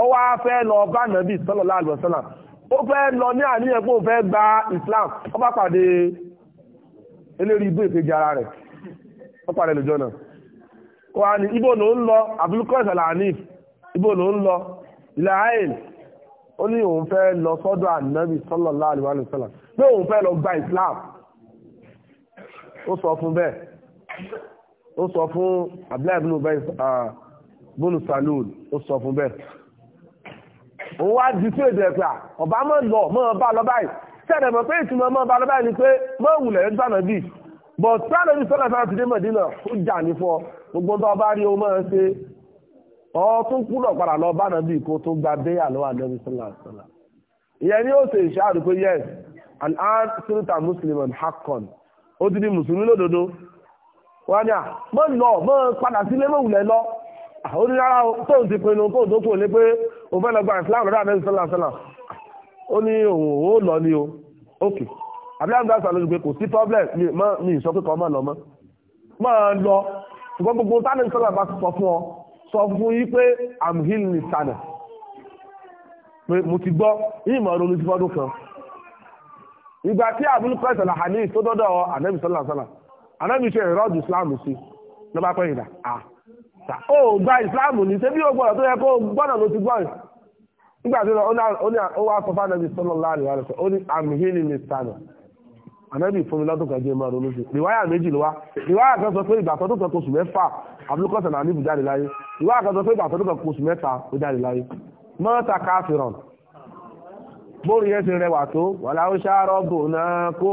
ó wá fẹ́ lọ bá ànábì sallallahu alaihi wasallam ó fẹ́ lọ ní àníyàn pé ó fẹ́ gba islam ó bá pàdé eléri ibú ìkejì ara rẹ̀ ó pàdé lójọ́ náà kò wá ní ibo ló ń lọ abdulkọ́ ìsàlà àní ibo ló ń lọ ilẹ̀ ayel ó ní òun fẹ́ lọ sọ́dọ̀ ànábì sallallahu alaihi wasallam pé òun fẹ́ lọ gba islam ó sọ fún bẹ́ẹ̀ ó sọ fún abdullahi ibn ubay ah, bónú salon ó sọ fún bẹ́ẹ̀ òun wá di tí èdè ẹ̀pẹ́ ọ̀bá mọ̀ lọ mọ̀ bá lọ báyìí tẹ́lẹ̀ mọ̀ pé ìtumọ̀ mọ̀ bá lọ báyìí ni pé mọ̀ wùlẹ̀ ẹ̀ gbànà bíi bọ̀ sálẹ̀ ní sọ́nà sáà ti dé mọ̀dínà ó jà ní fọ gbogbo tó bá rí ohun máa ń ṣe ọtún kúrò padà lọ bánà bíi kó tó gba déyà lọ́wọ́ àdébí sọ́nà sọ́nà ìyẹn ni ó ṣe ìṣáàdù pé yes an muslim and hakon ó ti di mùsùlùmí lódodo wọ́n ní à mọ̀ lọ mọ̀ padà sílé àwọn oníyàrá tóun ti pinnu kóun tó kù ní pé òun fẹ́ lọ gba ìsìlámù lọ́dọ̀ àmì sọ́là sọ́là ó ní òun ò lọ ní o ok abdullahi abdullahi sọ lójú pé kò sí problem mi ì sọ pé kọ́ máa lọ mọ́ máa lọ ṣùgbọ́n gbogbo tánà sọ́là bá sọ fún ọ sọ fún yí pé i'm healing sana pé mo ti gbọ́ yìí mọ̀ ronú sí fọ́dún kan ìgbà tí abúlé pẹ̀sẹ̀ làhàní tó dọ́dọ̀ ànábì sọ́là sọ́là ànábì ṣe ìrọ́dù islam sí lọ́ba pẹ́yìndà ah ó gba ìsìláàmù ní ṣé bí o gbọ́dọ̀ tó yẹ kó gbọ́dọ̀ ló ti gbọ́dọ̀ nígbà tí ó wá sọ fáwọn ẹbí sọ́nà láàrin wa lọ́sọ̀ ó ní àmì ní sànà ànábì fún mi lọ́dún jẹ́ máa ronú sí ìwáyà méjì ìwáyà kan sọ pé ìgbà tó mẹ́fà náà níbi jáde láyé ìwáyà kan sọ pé ìgbà tó mẹ́ta ó jáde láyé káfíràn bóòrù yẹn ti tó wà láwùṣà rọ́bù náà kó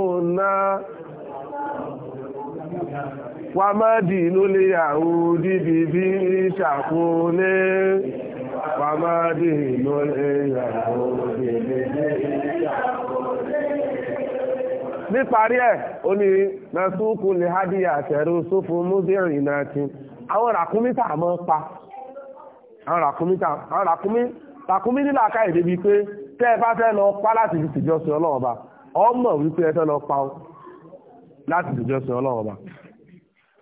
wamadi má dì ló lè yàwó dìbì bí ṣàkólé wà má dì ló lè yàwó dìbì bí ṣàkólé. níparí ẹ̀ ó ní nasúkú lè hádìyà àtẹ̀rù sófin múdìrín náà ti àwọn tá a mọ́ pa àwọn ràkúnmí tá àwọn pé tẹ́ ẹ bá fẹ́ lọ pa láti fi ọlọ́ọ̀ba ọmọ wípé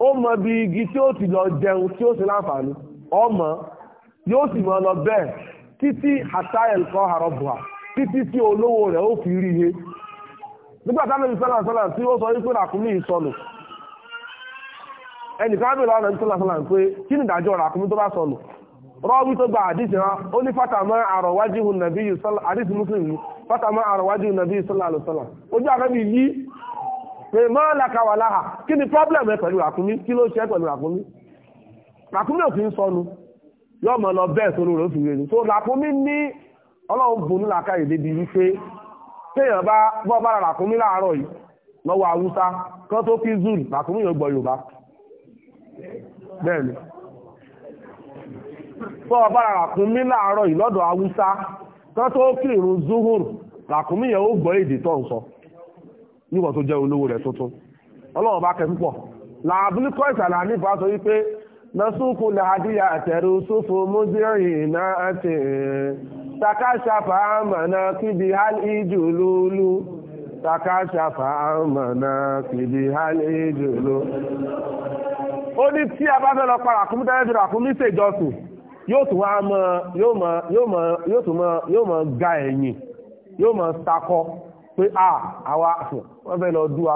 ó mọ bí igi tí ó ti lọ jẹun tí ó ti láǹfààní ọmọ yóò sì mọ lọ bẹ́ẹ̀ títí àtàyẹ̀l kan àrọ̀bùà títí tí olówó rẹ̀ ó fi rí he nígbà táwọn ẹni sọ́là sọ́là tí ó sọ wípé ràkúnmí ìsọnù ẹnìkan bèèrè ọ̀nà ìsọ́là sọ́là pé kí ni ìdájọ́ tó bá sọnù tó gba àdìsí ó ní fátàmọ́ nàbí àdìsí mùsùlùmí fátàmọ́ nàbí ojú yí pé mọ́ọ̀láka wà láhà kí ni pọ́blẹ̀mù ẹ pẹ̀lú ràkúnmí kí ló ṣe pẹ̀lú ràkúnmí ràkúnmí ò fi ń mọ̀ lọ bẹ́ẹ̀ sórí rẹ̀ fi so ní ọlọ́run bùnú làkà èdè bíi wípé téèyàn bá bọ́ láàárọ̀ yìí lọ́wọ́ kan tó kí zul yóò gbọ́ yorùbá bẹ́ẹ̀ ni bọ́ láàárọ̀ yìí níwọ̀n tó jẹ́ olówó rẹ̀ tuntun ọlọ́run bá kẹ́ púpọ̀ làbúlí kọ́ìsà là ní ìfà sọ wípé lọ́sùnkù na àtẹ̀rù sófo mọ́sírìn náà àti takashafa amana kibi hal ijululu ijululu. ó ní tí a bá fẹ́ lọ pa ràkúnmí tẹ́lẹ̀ yóò tún ga ẹ̀yìn yóò mọ pé à àwa wọ́n fẹ́ lọ yóò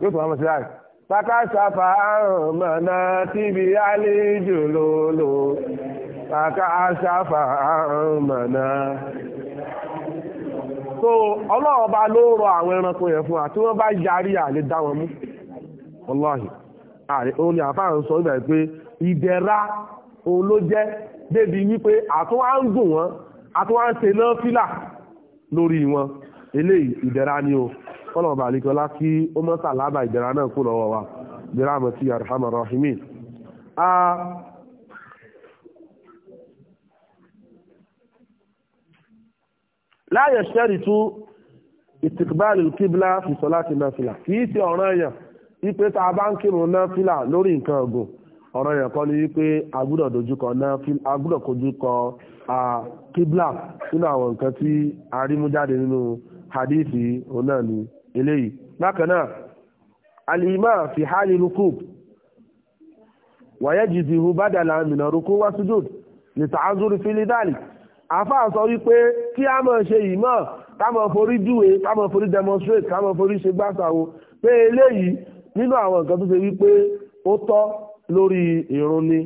tún mọ̀ sí láì. ṣàfà àrùn mọ̀nà tíbi lòlò. ṣàfà àrùn mọ̀nà. So ọlọ́run bá ló rọ àwọn fún wa wọ́n bá yarí àlè dá wọn mú. Ọlọ́hì òun ni ń sọ pé ìdẹ̀ra òun ló jẹ́ débi wípé àtúwá eléyìí idara ni o kọ́lọ̀ ọba àlekọ́lá kí ó mọ́ sàlábà ìdẹ̀ra náà kú lọ́wọ́ wa ti arhamar rahimin. a. yashtaritu istiqbal al-qibla fi salati nafila kì í ṣe ọ̀ràn wípé tá bá ń kírun náfìlà lórí nǹkan ọ̀gùn ọ̀rọ̀ yẹn kọ́ ni wípé agbúdọ̀ dojúkọ nínú àwọn hadithi òun náà ni eléyìí bákan náà alìmá fi hálì rukub wàyẹ́ jìdì ihu bádàlà mìnà rukú wá sujud ní tààzúrú fílídàlì àfáà sọ wípé kí a máa ṣe ìmọ̀ táwọn forí júwe táwọn forí demonstrate táwọn forí ṣe gbáṣàwo pé eléyìí nínú àwọn nǹkan tó ṣe wípé ó tọ́ lórí ìrun ni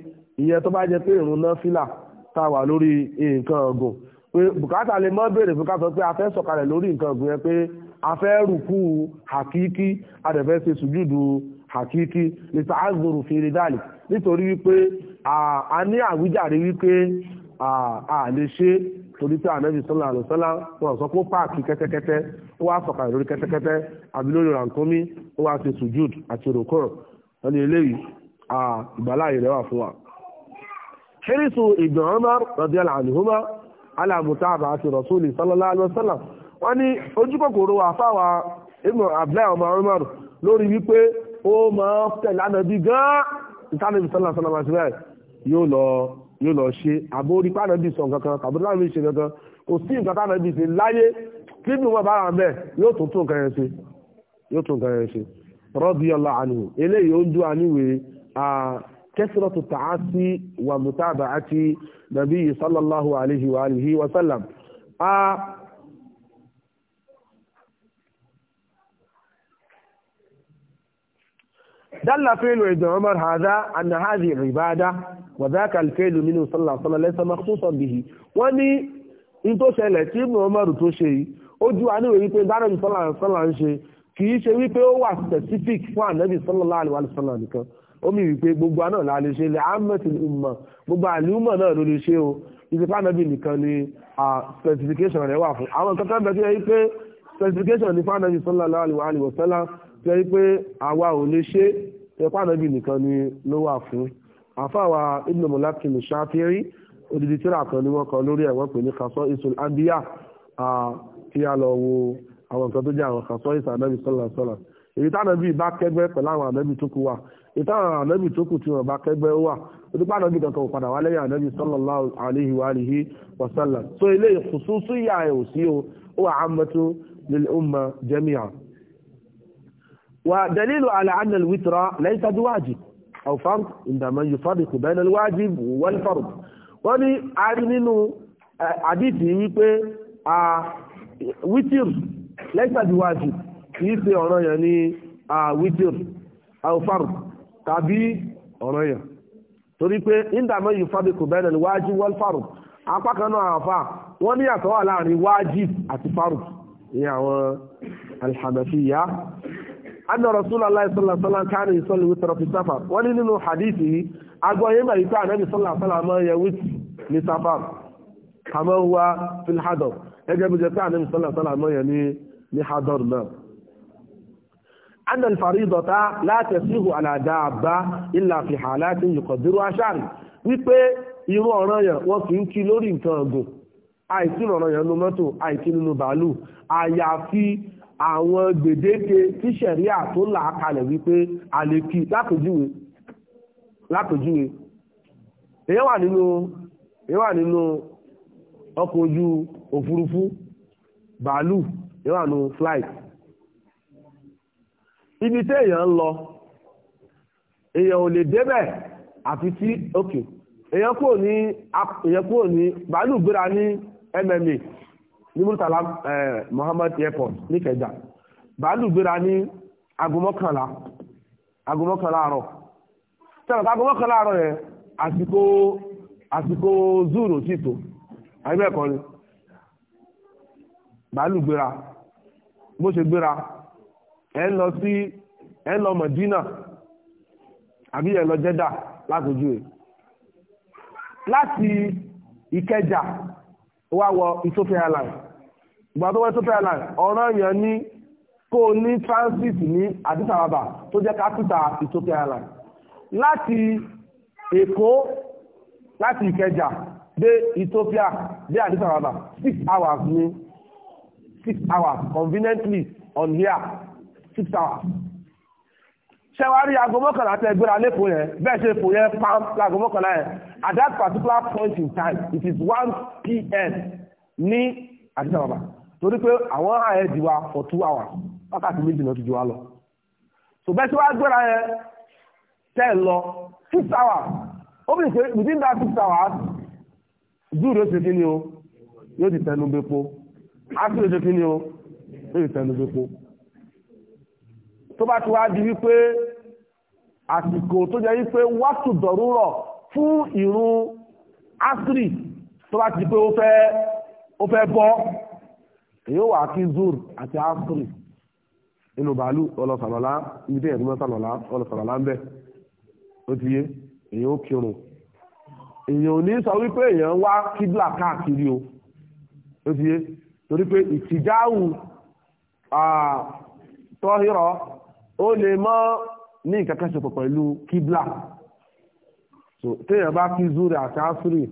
ìyẹn tó bá jẹ́ pé ìrun náà fìlà tá a wà lórí nǹkan bùkátà lè mọ́ béèrè fún ká sọ pé a fẹ́ sọ̀kalẹ̀ lórí nǹkan ọ̀gbìn yẹn pé a fẹ́ rùkú hakiki a dẹ̀ fẹ́ ṣe sùjúdù hakiki lẹ́tà azoro fèrè dàlẹ̀ nítorí wípé a ní àwíjàre wípé a lè ṣe torí pé ànábì sọ́lá àlùsọ́lá wọn sọ pé páàkì kẹ́tẹ́kẹ́tẹ́ ó wá sọ̀kalẹ̀ lórí kẹ́tẹ́kẹ́tẹ́ àbí lórí rànkómi ó wá ṣe sùjúdù àti rùkúrù wọn ni eléyìí ìgbàláyè rẹ̀ wà fún wa. hẹ́rìsù Ibn Umar radiyallahu anhuma aláàmùtáàbà àti rọ̀súlì sallallahu alaihi wasallam wọ́n ní ojúkòkòrò àfáwà ibùn abdullahi ọmọ ọmọrù lórí wípé ó máa tẹ̀lé ànábì gan ìtànàbí sallallahu alaihi wasallam yóò lọ yóò lọ ṣe àbórí pànàbí sọ kankan tàbí láàbí ṣe kankan kò sí nǹkan tànàbí ṣe láyé kí ni wọ́n bá rà bẹ́ẹ̀ yóò tún tún nǹkan yẹn ṣe yóò tún nǹkan yẹn ṣe radiyallahu anhu eléyìí ó ń dún àníwèé كثرة التعاصي ومتابعة نبي صلى الله عليه وآله وسلم دل فعل ابن عمر هذا أن هذه عبادة وذاك الفعل منه صلى الله عليه وسلم ليس مخصوصا به واني انتو شلتي ابن عمر tó ṣe yìí ó ju àníwèé wípé dárẹ́bì sọ́lá sọ́lá ń ṣe kì í ṣe wípé ó wà specific fún ànábì sallallahu alaihi wa nìkan Omi mì wípé gbogbo àná la lè ṣe lè ahmed umma gbogbo àlùmọ̀ náà ló lè ṣe o ìsìnká nàbì nìkan ni specification rẹ̀ wà fún àwọn kankan bẹ̀ tó pé specification ní fánàbì sallallahu alaihi wasallam tó yẹ pé àwa ò lè ṣe tẹ fánàbì nìkan ni ló wà fún àfàwà ibn mulakin shafiri odidi tíra kan ni wọ́n kọ lórí ẹ̀wọ́n pè ní kasọ́ isul anbiya kí a lọ wo àwọn nǹkan tó jẹ́ àwọn kasọ́ isul anabi sallallahu alaihi èyí tánàbì bá kẹgbẹ́ pẹ̀lú àwọn anabi tó kù wà ìtàn ànábì tó kù tí wọ́n bá kẹgbẹ́ wà òtúpá ànábì kankan padà wá lẹ́yìn ànábì sallallahu alaihi wa alihi wa sallam so ilé ìkùsùsù ìyá ẹ̀ ò sí o ó wà ammatu lil umma jami'a wa dalilu ala anna witra laysa bi wajib aw fard inda man yufarriqu bayna al-wajib wal fard wọ́n ní a nínú àdìsí wípé wítìr laysa bi wajib kì í ṣe ọ̀ranyàn ní wítìr aw tàbí ọ̀ràn yàn torí pé indama yìí fábíkù bẹ́ẹ̀ ni wájú wọ́n fàrù apá kan náà àfà wọ́n ní àtọ́wà láàrin wájú àti fàrù ní àwọn alhànàfíyà anna rasulallah sallallahu alaihi wasallam kana yusalli witra fi safar wani nínú hadithi agbo yin bari ta nabi sallallahu alaihi wasallam ya wit ni safar kama huwa fil hadar ege bi je ta nabi sallallahu alaihi wasallam ya ni ni hadar náà أن الفريضة لا تصيغ على دابة إلا في حالات يقدرها شرع wípé irú ọ̀ràn yẹn wọ́n fi ń kí lórí nǹkan ọ̀gùn àìsí ọ̀ràn yẹn nínú mọ́tò àìsí nínú bàálù àyàfi àwọn gbèdéke tí ṣẹ̀ríà tó là á kalẹ̀ wípé a lè kí lápèjúwe lápèjúwe èyàn wà nínú èyàn wà nínú ọkọ̀ ojú òfurufú bàálù èyàn wà nínú flight ibi tí èèyàn ń lọ èèyàn ò lè débẹ̀ àfi tí òkè èèyàn kúrò ní èèyàn kúrò ní bàálù gbéra ní MMA ní Murtala Muhammad Airport ní Ìkẹjà bàálù gbéra ní agomọ́kànlá àrọ. àárọ̀ tẹ́lẹ̀ agomọ́kànlá àrọ yẹn àsìkò àsìkò zuru sí tó àyíbẹ̀ kan ni bàálù gbéra bó ṣe gbéra ẹ̀ lọ sí ẹ̀ lọ Mọ̀dínà àbí ẹ̀ lọ wọ Ethiopia island ìgbà tó Ethiopia island ọ̀ràn yẹn ní kó o ní transit ní Addis tó jẹ́ Ethiopia island láti Èkó láti Ìkẹjà dé Ethiopia dé Addis six hours ní six hours conveniently on here six hours ṣẹwárí aago mọ́kànlá tẹ gbéra lẹ́kọ̀ọ́ yẹn bẹ́ẹ̀ ṣe fò yẹn pam láago mọ́kànlá yẹn at that particular point in time it is one pm ní àdìsá bàbá torí pé àwọn àyẹ̀dì wa for two hours wákàtí méjì náà ti ju wa lọ so bẹ́ẹ̀ ṣe wá gbéra yẹn tẹ́ ẹ̀ lọ six hours ó bìí pé within that six hours zuru ó ṣe kí ni o yóò ti tẹnu bẹ́ẹ̀ po àti ó ṣe kí ni o yóò ti tẹnu bẹ́ẹ̀ po tó bá ti wá di wípé àsìkò tó jẹ́ wípé wátù dọ̀rúrọ̀ fún ìrun asiri tó bá ti di pé ó fẹ́ ó fẹ́ bọ́ èyí wà kí zur àti asiri inú bàálù ọlọ́sàlọ́lá ibi tí ẹ̀dùnmọ́ sàlọ́lá ọlọ́sàlọ́lá ń bẹ̀ ó ti yé èyí ó kírun èyí ò ní sọ wípé èèyàn wá kíblà káàkiri o ó ti yé torí pé ìtìjáhù tọ́hírọ̀ ó lè mọ́ ní ìkankan pẹ̀lú kíblà so téèyàn bá kí zúrẹ̀ àti asúrì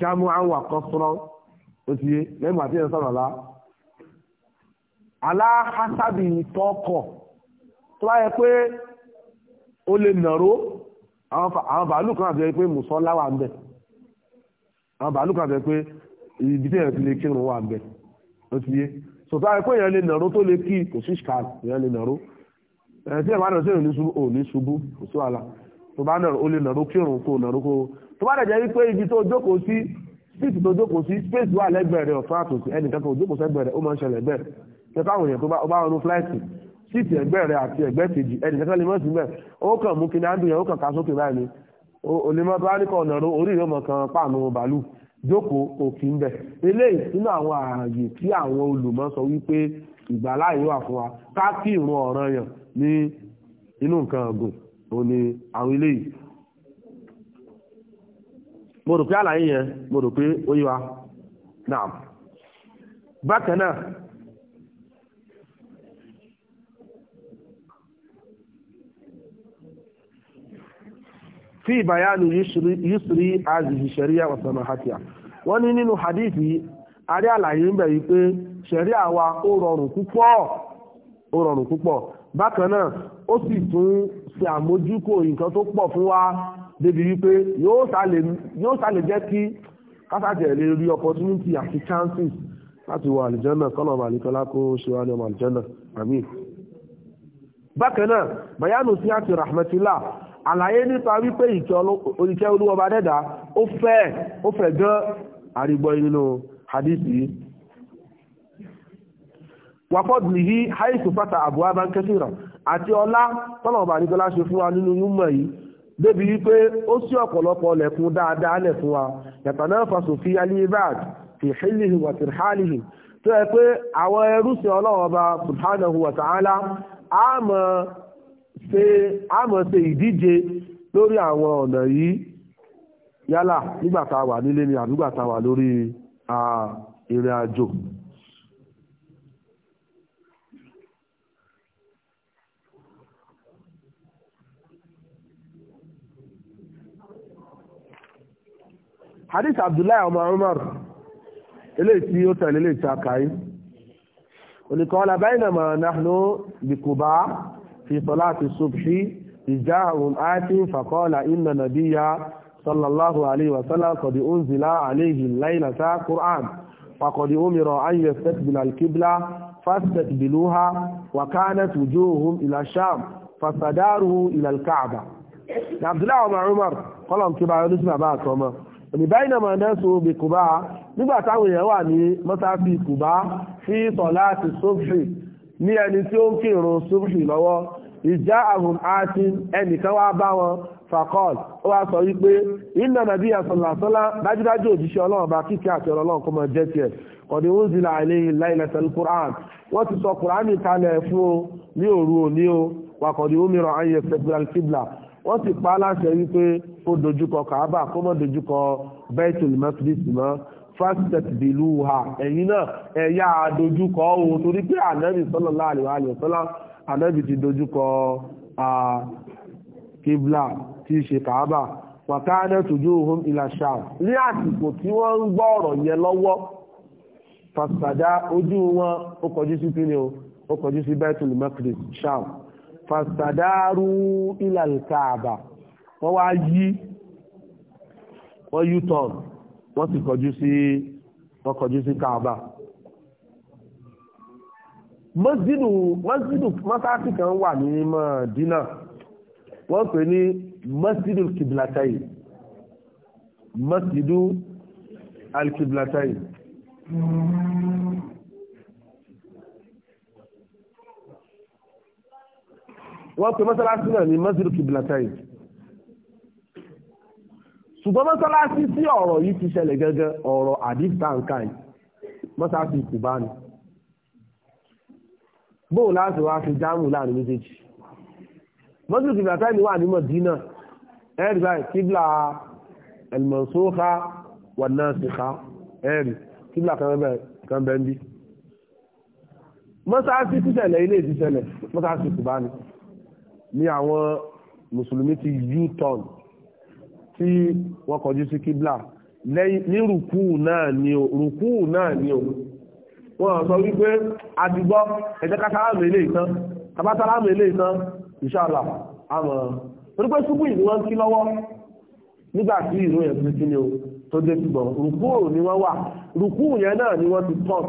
jámú àwọn àkọsọ́rọ́ ó ti yé lẹ́yìn àti ẹ̀sán àlá aláhásábì tọkọ̀ tó bá yẹ pé ó lè nàró àwọn bàálù kan àti pé mùsọ́lá wà ń bẹ̀ àwọn bàálù kan àti pé ibi tí ti lè kírun wà ń bẹ̀ ó ti yé so tó bá yẹ pé èèyàn lè nàró tó lè kí kò sí ìṣkà lè nàró ẹ̀sí ìbádọ̀ sí òní ṣubú kò sí wàhálà tó bá nàró o lè nàró kírun kó nàró kó tó bá dẹ̀jẹ̀ wípé ibi tó jókòó sí síìtì tó jókòó sí space wà lẹ́gbẹ̀ẹ́ rẹ̀ ọ̀tún àtòsí ẹnìkan tó jókòó sẹ́gbẹ̀ẹ́ rẹ̀ ó máa ń ṣẹlẹ̀ bẹ́ẹ̀ kẹta àwọn èèyàn tó bá wọn fúláìtì síìtì ẹgbẹ́ rẹ̀ àti ẹgbẹ́ kejì ẹnìkan lè mọ̀ síbẹ̀ ó kàn mú kíní àndùn yẹn ó kàn ká sókè báyìí ni onímọ̀ tó bá ní kàn nàró orí ìyọ́mọ̀ kan páànù bàálù jókòó òkì ìgbàláyé wà fún wa ká kí ìrun ọ̀ranyàn ní inú nǹkan ọ̀gùn òun ni àwọn ilé yìí mo rò pé yẹn mo rò pé ó yé náà bákan náà fi azihi sharia wa samahatiya wọ́n ní nínú hadithi àlàyé ń bẹ̀ sharia wa ó rọrùn púpọ̀ ó rọrùn púpọ̀ bákan náà ó sì tún ṣe àmójúkò nǹkan tó pọ̀ fún wa débi wípé yóò sálè jẹ́ kí kásàtẹ̀ lè rí opportunity àti chances láti wọ àlìjánà kọ́nà màlìkọ́lá kó ṣe wá ní ọmọ àlìjánà àmín bákan náà bayanu sí àti rahmatillah àlàyé nípa wípé ìkẹ́ olúwọba dẹ́dà ó fẹ́ ó fẹ́ gan àrígbọ́ nínú hadith yìí wàfọ́dùlìhí haisu fata àbúwá bá ń kẹsìrà àti ọlá tọ́lọ̀bà ní tọ́lá ṣe fún wa nínú yúmọ̀ yìí débi wípé ó sí ọ̀pọ̀lọpọ̀ lẹ̀kùn dáadáa lẹ̀ fún wa yàtàná faso fi alibad fi hilihi wa tirhalihi tó yẹ pé àwọn ẹrúsìn ọlọ́ọ̀ba subhanahu wa ta'ala a mọ̀ ṣe ìdíje lórí àwọn ọ̀nà yìí yálà nígbà tá a wà nílé ni àdúgbà tá a wà lórí ìrìn àjò hadith abdullahi ọmọ umar eléyìí tí ó tẹ̀lé eléyìí tí a kàáyé oníkọ́lá baynama nahnu bi Quba fi salati subhi ìjà àwọn àti faqala inna nabiyya sallallahu alayhi wa sallam qad unzila alayhi laylata qur'an faqad umira an yastaqbila al-qibla fastaqbiluha wa kanat wujuhum ila sham fasadaruhu ila al-ka'ba abdullahi ọmọ umar kọ́lọ̀ kí bá yọdún sí bàbá àtọmọ́ ìbáyìnà máa nẹ́sù bí kùbá nígbà táwọn èèyàn wà ní mọ́sáfí kùbá fi sọ̀lá àti sófì ní ẹni tí ó ń kírun sófì lọ́wọ́ ìjà àrùn àti ẹnìkan wá bá wọn fakọ́l ó wá sọ wípé iná nàbí àsọ̀làsọ́lá dájúdájú òjíṣẹ́ ọlọ́run bá kíkẹ́ àti ọ̀rọ̀ ọlọ́run kó mọ jẹ́ tiẹ̀ kọ̀dí ó ń zìlà àìlẹ́yìn láìlẹ̀tẹ̀lú wọ́n ti sọ wọ́n sì pa á láṣẹ wípé kó dojúkọ kàábà kó mọ́ dojúkọ Baitul Maqdis mọ́ fastet bìlú ha ẹ̀yin náà ẹ̀yà dojúkọ o torí pé ànábì sallallahu alaihi wa sallam ànábì ti dojúkọ kibla tí í ṣe kàábà wàkánà tujuhum ila Sham ní àsìkò tí wọ́n ń gbọ́ ọ̀rọ̀ yẹn lọ́wọ́ fasada ojú wọn ó kọjú sí kíni o ó kọjú sí Baitul Maqdis fàṣàdárú ìlàlùkààbà wọ́n wá yí wọ́n yú tọ̀ wọ́n sì kọjú sí wọ́n kọjú sí kààbà mọ́sídù mọ́sídù mọ́sáàtì kan wà ní Mádínà wọ́n pè ní mọ́sídù kìbìlátàyì mọ́sídù alkìbìlátàyì wọ́n pe mọ́sálásí náà ní mọ́sílù kìbìlátàì ṣùgbọ́n mọ́sálásí sí ọ̀rọ̀ yìí ti ṣẹlẹ̀ gẹ́gẹ́ ọ̀rọ̀ àdìsáǹkà yìí mọ́sálásí kùbá ni bóò láti wá fi jáàmù láàrin méjèèjì mọ́sílù kìbìlátàì wà ní Mọ̀dínà ẹ̀rì báyìí kíbla ẹ̀lmọ̀sóká wà náà sì ká ẹ̀rì kíbla kan bẹ́ẹ̀ bí ti ṣẹlẹ̀ ilé ìṣẹ̀lẹ̀ mọ́sálásí kùbá ni ní àwọn mùsùlùmí ti u-turn tí wọ́n kọjú sí kíblà ní rùkú náà ni o rùkú náà ni o wọ́n sọ wípé a ti gbọ́ ẹ̀jẹ̀ ká sálámù ilé ìtàn tàbá sálámù ilé ìtàn ìṣàlà àmọ́ torí pé ṣubú ìlú wọn kí lọ́wọ́ nígbà tí ìlú yẹn ti kí ni o tó dé ti gbọ̀n rùkú ni wọ́n wà rùkú yẹn náà ni wọ́n ti tọ́n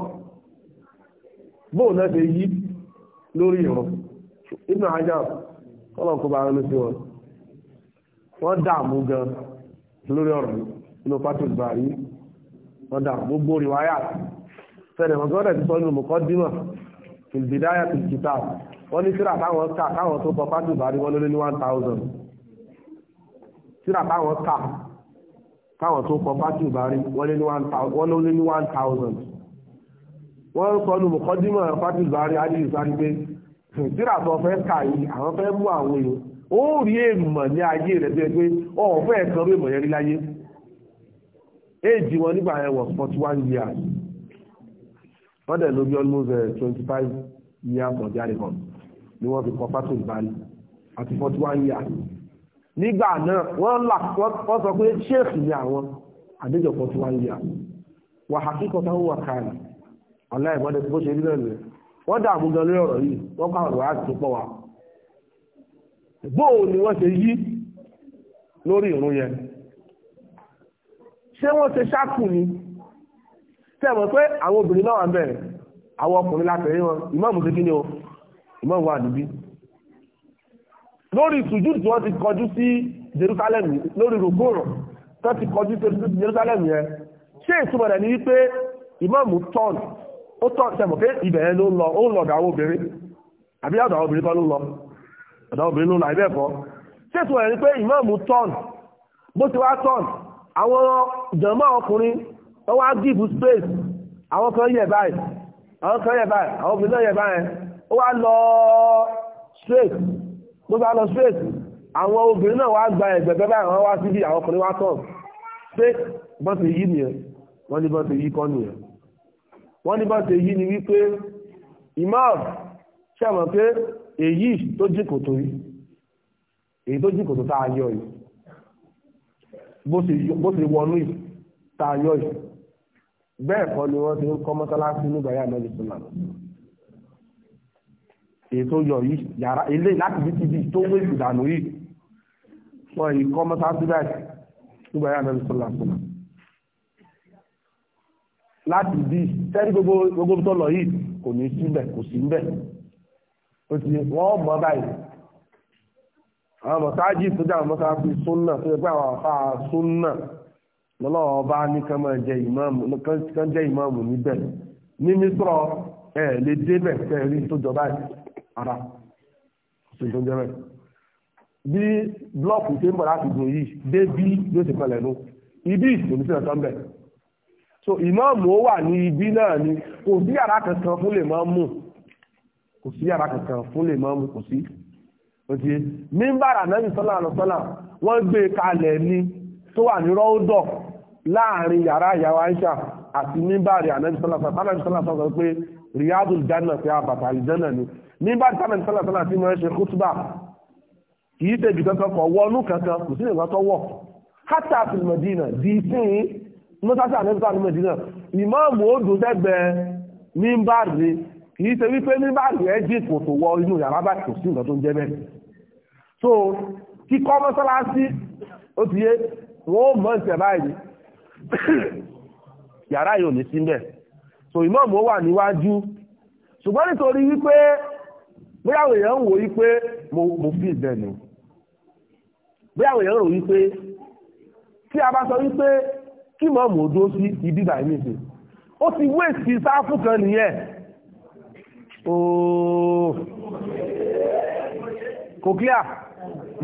bóun náà ṣe yí lórí ìrọ̀ ibùdó ajá kọ́lọ̀ kó bá rán sí wọn wọ́n dààmú gan lórí ọ̀rọ̀ inú pátó ìbàrí wọ́n dààmú gbogbo rí wáyà fẹ́rẹ̀ wọn gọ́dẹ̀ ti sọ nínú mọ̀kọ́ dímọ̀ ìbìdáyà ti kìtà wọ́n ní síra táwọn kà táwọn tó kọ pátó ìbàrí wọn lórí ní one thousand síra táwọn kà táwọn tó kọ pátó ìbàrí wọn lórí ní one thousand wọ́n sọ nínú mọ̀kọ́ dímọ̀ pátó ìbàrí adìyí sáré pé tíra tó fẹ́ kà yìí àwọn fẹ́ mú àwọn èèyàn ó rí èèmọ̀ ní ayé rẹ̀ bẹ́ẹ̀ pé ọ̀fẹ́ kan rí èèmọ̀ yẹn rí láyé éèjì wọn nígbà yẹn forty one years wọ́n dẹ̀ ló bí almost eh, twenty five years of their record ni wọ́n fi kọ́ pátó ìbáni àti forty one years nígbà náà wọ́n là wọ́n sọ pé ṣéèkì ni àwọn àdéjọ forty one years wàhálà kíkọ́ táwọn wà káàlì ọ̀la ìmọ̀dé bó ṣe rí náà nìyẹn wọ́n dààmú gan lórí ọ̀rọ̀ yìí wọ́n kọ́ àwọn ìwádìí tó pọ̀ wá bóò ni wọ́n ṣe yí lórí ìrún yẹn ṣé wọ́n ṣe ṣáàkù ni tẹ́mọ̀ pé àwọn obìnrin náà wà bẹ̀rẹ̀ àwọn ọkùnrin látẹ̀rí wọn ìmáàmù sí kíni o ìmáàmù wà níbí lórí ìtújú tí wọ́n ti kọjú sí Jerusalem lórí rògbòrò tó ti kọjú sí Jerusalem yẹn ṣé ìtumọ̀ rẹ̀ ni wípé ìmáàmù tọ́ọ̀nù ó tọ́ sẹ́mọ̀ pé ibẹ̀ ló lọ ó lọ̀dọ̀ obìnrin àbí ọ̀dọ̀ obìnrin kọ́ ló lọ ọ̀dọ̀ obìnrin ló lọ àìbẹ́ẹ̀kọ́ ṣètò ẹ̀rí pé ìmáàmù tọ́n bó ti wá tọ́n àwọn jàmáà ọkùnrin wọ́n wá gíìfù space àwọn kan yẹ̀ báyìí àwọn kan yẹ̀ báyìí àwọn obìnrin náà yẹ̀ báyìí ó wá lọ straight bó bá lọ straight àwọn obìnrin náà wá gba ẹ̀gbẹ̀gbẹ̀ báyìí wọ́n wá síbi àwọn ọkùnrin wá tọ́n pé bọ́n yí nìyẹn wọ́n ní bọ́n yí kọ́ nìyẹn wọ́n ní bá ṣe yí ni wípé imam ṣẹ̀mọ̀ pé èyí tó jìkò tó yí èyí tó jìkò tó táa yọ yìí bó ṣe wọnú yìí táa yọ yìí bẹ́ẹ̀ kọ́ ni wọ́n ti ń kọ́ mọ́sálásí nígbà yà náà jùlọ lànà èyí tó yọ yìí yàrá ilé láti bí ti bí tó wé ìdànù yìí wọ́n yìí kọ́ mọ́sálásí báyìí nígbà yà náà jùlọ lànà láti bí tẹ́rí gbogbo gbogbo tó lọ yìí kò ní síbẹ̀ kò sí ń bẹ̀ ó ti wọ́n mọ̀ báyìí àwọn mọ̀sáájì tó dáhùn mọ́sáájì súnà tó yẹ pé àwọn àfa súnà lọ́lọ́wọ́ bá ní kán máa jẹ ìmáàmù kán jẹ́ ìmáàmù níbẹ̀ ní mísírọ̀ ẹ̀ lè débẹ̀ tẹ́rí tó jọba ara ṣe tó ń jẹ́ bẹ́ẹ̀ bí blọọkù ṣe ń bọ̀ láti gbòòyì dé bí yóò ṣe pẹlẹ̀ nù ibi ìṣòwò sí ọ̀tọ́ ń bẹ̀ so ìmáàmù ó wà ní ibi náà ni kò sí yàrá kankan fún lè máa mú kò sí yàrá kankan fún lè máa mú kò sí òtí mímbàrà náà sọ́là àlọ́sọ́là wọ́n gbé kalẹ̀ ni tó wà ní rọ́ọ̀dọ̀ láàrin yàrá ìyàwó Aisha àti mímbàrì ànábi sọ́là sọ́là sọ́là sọ́là sọ́là pé riyadul janna pé àbàtà àlìjánà ni mímbàrì sọ́là sọ́là sọ́là tí mo ń ṣe kútùbà kì í ṣe ibi kankan kọ̀ wọnú kankan kò sí nǹkan tó wọ̀ hátà àti Madina di sí mọ́sáṣà àlẹ́bùtà ní mẹ́dínà ìmáàmù ó dùn sẹ́gbẹ́ mímbàrí kì í ṣe wípé mímbàrí ẹ jí kò tó wọ inú yàrá bá kò sí nǹkan tó ń jẹ́ bẹ́ẹ̀ so kíkọ́ mọ́sálásí ó ti yé wọ́n ó mọ̀ ìṣẹ̀ báyìí [coughs] yàrá yìí ní sí bẹ́ẹ̀ so ìmáàmù ó wà níwájú ṣùgbọ́n nítorí wípé bóyá àwọn èèyàn ń wò wípé mo fi ìbẹ̀ nù bóyá àwọn èèyàn rò wípé tí a bá sọ wípé kí mọ́ mọ́ dó sí ìdíbà ìmìsì ó ti wé sí sáfù kan nìyẹn ooo kò clear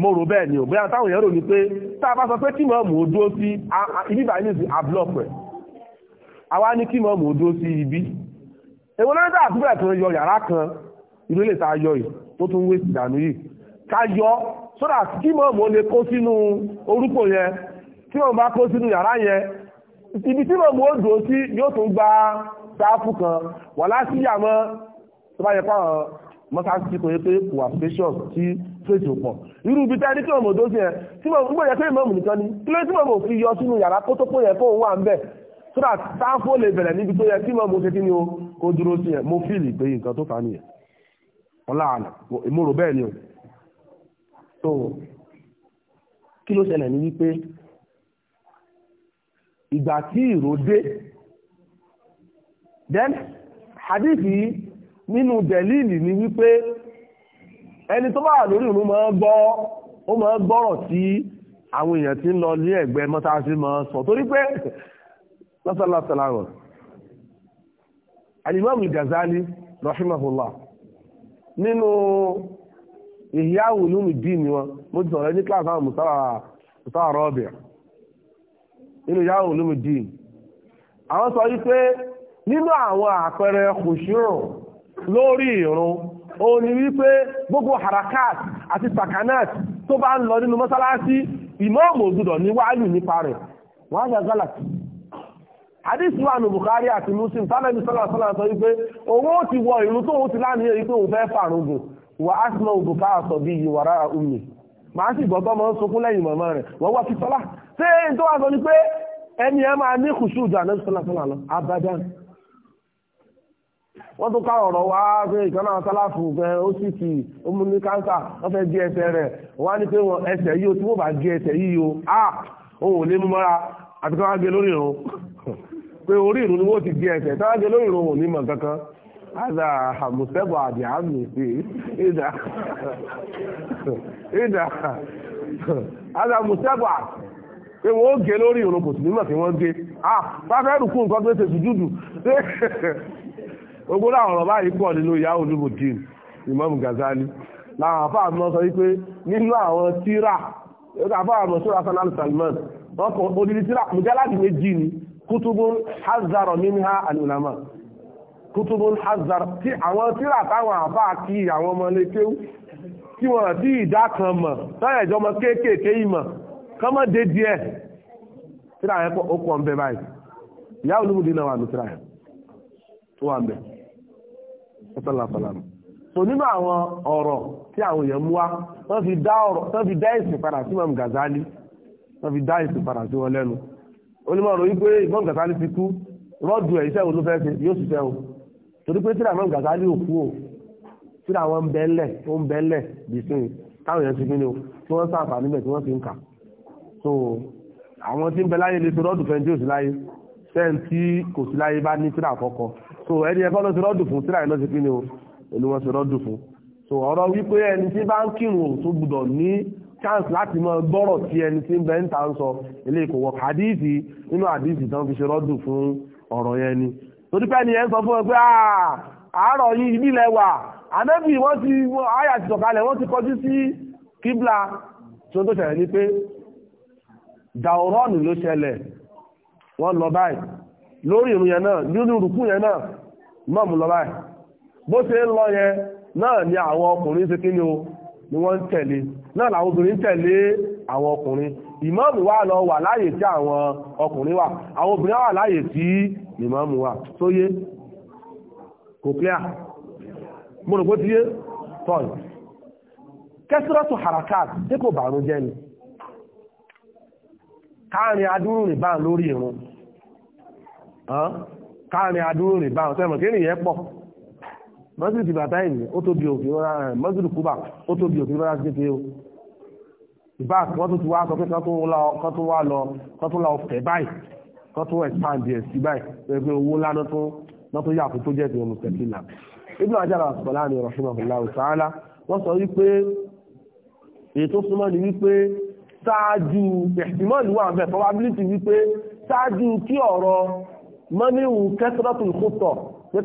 mo rò bẹ́ẹ̀ ni ò bóyá táwọn èèyàn rò ní pé tá a bá sọ pé kí mọ́ mọ́ sí ìdíbà ìmìsì àbúlọ̀pù ẹ̀ àwa ní kí mọ́ mọ́ sí ibi èwo náà dá àdúrà kan yọ yàrá kan ìlú lè ta yọ yìí tó tún wé sí ìdànù yìí ká yọ sódà kí mọ́ mọ́ lè kó sínú orúkọ yẹn tí wọ́n bá kó sínú yàrá yẹn ibi tí mọ̀mú ó dùn sí yóò tún gba sáfù kan wà láti yàmọ́ tó bá yẹ pa àwọn mọ́sáàsì kò yẹ pé kò wà spacious tí fèsì ò pọ̀ irú ibi tẹ́ni tí mọ̀mú tó sí yẹn tí mọ̀mú gbọ́dọ̀ pé mọ̀mú nìkan ni kí ló tí mọ̀mú fi yọ sínú yàrá kó tó pọ̀ yẹ kó òun wà ń bẹ̀ so that sáfù lè bẹ̀rẹ̀ níbi tó yẹ tí mọ̀mú ṣe kí ni o kó dúró sí yẹn mo fíìlì pé nǹkan tó fà á nìyẹn ọlá àná ní wípé ìgbà tí ìró dé then hadithi nínú delili ni wípé ẹni tó bá wà lórí ìrun máa gbọ́ ó máa gbọ́rọ̀ tí àwọn èèyàn ti ń lọ ní ẹ̀gbẹ́ mọ́sáàsì máa sọ torí pé lọ́sàlásàlá Ghazali mo nínú yàrá olómìdí àwọn sọ wípé nínú àwọn àpẹẹrẹ kòṣírò lórí ìrun òun ni wípé gbogbo harakat àti sakanat tó bá ń lọ nínú mọ́sálásí ìmọ̀ọ́mù ògùdọ̀ ní wáyù nípa rẹ̀ wọ́n á yà gálàtì àdísí wà ní Bukhari àti Muslim tánàbí sọ́làsọ́là sọ wípé òun ó ti wọ ìrun tóun ti láàrin yìí pé òun fẹ́ fàrùn gùn wà á sì mọ òbùkà àsọ̀bí yìí wàrà omi màá sì gbọ́tọ́ mọ́ sunkún lẹ́yìn màmá rẹ̀ wọ́n wá fi sọ́lá ṣé n tó wá sọ ni pé ẹni ẹ máa ní kùsù ìjà náà sọ́lá sọ́lá lọ wọ́n tún ọ̀rọ̀ wá pé fẹ́ ó sì ní káńsà wọ́n fẹ́ ẹsẹ̀ rẹ̀ wọ́n á ní pé ẹsẹ̀ yìí bá ẹsẹ̀ yìí a òun ò lè mú àti káwá gé lórí ìrún pé orí lórí ìrún òun هذا مستبعد يا عمي في ايه ده ايه ده هذا مستبعد pé wọ́n gé lórí ìrùn kò ah pápẹ́rù kún nǹkan tó ṣe sùjúdù ogun láwọn ọ̀rọ̀ báyìí pọ̀ nínú ìyá olúbùdín Imam Ghazali láwọn afá àmọ́ sọ wípé nínú Salman kútùbùn hazard tí àwọn tíra táwọn àbá kí àwọn ọmọ lékéwú tí wọ́n tí ìdá kan mọ̀ tọ́yẹ̀jọ́ ọmọ kéékèèké ìmọ̀ kọ́mọ́ dé díẹ̀ tíra yẹn kọ́ okùn ọ̀nbẹ báyìí ìyá olúmúdí náà wà ní tíra yẹn tó wà mẹ́ ọ̀sánláfàlámù so nínú àwọn ọ̀rọ̀ tí àwọn èèyàn mú wá wọ́n fi dá ọ̀rọ̀ wọ́n fi dá ìsìn padà sí mọ̀mù Gàzálì wọ́n fi dá ìsìn padà sí wọn lẹ́nu onímọ̀ pé ìmọ̀mù Gàzálì ti kú rọ́ọ̀dù ẹ̀ iṣẹ́ wo ló fẹ́ ṣe yóò ṣiṣẹ́ o torí pé tíra àwọn gàzálì òkú o tíra àwọn ń bẹ́ẹ̀lẹ̀ ó ń bẹ́ẹ̀lẹ̀ bìsìn táwọn èèyàn ti fi ní o tí wọ́n sáfà níbẹ̀ tí wọ́n fi ń kà so àwọn tí ń bẹ láyé lè tó rọ́ọ̀dù fẹ́ntì òsì láyé fẹ́ntì kò sí láyé bá ní tíra àkọ́kọ́ so ẹni ẹ̀kọ́ ló ti rọ́ọ̀dù fún tíra ìlọ́sí fi ní o èlú wọn ti rọ́ọ̀dù fún so ọ̀rọ̀ wípé ẹni tí bá ń kírun ò tó gbúdọ̀ ní chance láti mọ gbọ́rọ̀ tí ẹni tí ń bẹ ń ta ń sọ eléyìí kò wọ hadithi nínú hadithi tán fi ṣe rọ́ọ̀dù fún ọ̀rọ̀ yẹn ni torí pé ẹni yẹn sọ fún ẹ pé ah, àárọ̀ yìí nílẹ̀ wà ànábì wọ́n ti àyà ti sọ̀kalẹ̀ wọ́n ti kọjú sí kíbla tó tó ṣẹlẹ̀ ní pé dàórọ́ọ̀nù ló ṣẹlẹ̀ wọ́n lọ báyìí lórí ìrun yẹn náà nínú ìrùkú yẹn náà mọ́ọ̀mù lọ báyìí bó ṣe ń lọ yẹn náà ni àwọn ọkùnrin ṣe kí ni o ni wọ́n ń tẹ̀lé náà làwọn obìnrin tẹ̀lé àwọn ọkùnrin ìmọ̀ọ̀mù wà lọ wà láàyè tí àwọn ọkùnrin wà àwọn obìnrin wà láàyè tí ni máa mú wa tó yé kò clear mo rò pé ti yé tọ́lù kẹsìrọ́tù harakat tí kò bàrún jẹ́ ni káàrin adúrú rìn bá lórí irun káàrin adúrú rìn bá ọ̀sẹ̀mọ̀ kí ènìyàn pọ̀ mọ́sílù ti bàtá ìní ó tóbi òfin rárá rẹ̀ mọ́sílù kúbà ó tóbi òfin rárá sí pé ó ìbá kan tó ti wá sọ pé kan tó wá lọ kan tó wá lọ kan lọ fẹ̀ báyìí tó tún expand ẹ̀ sí báyìí pé owó ńlá náà tún náà tún yàtọ̀ tó jẹ́ ìpínlẹ̀ mùsùlùmí Ibn Hajar Asqalani rahimahullahu ta'ala wọ́n sọ wípé èyí tó súnmọ́ ni wípé ṣáájú ìhtimọ́lù wà bẹ́ẹ̀ probability wípé ṣáájú kí ọ̀rọ̀ mọ́níwù kẹ́sìrọ́tùn kútọ̀ pé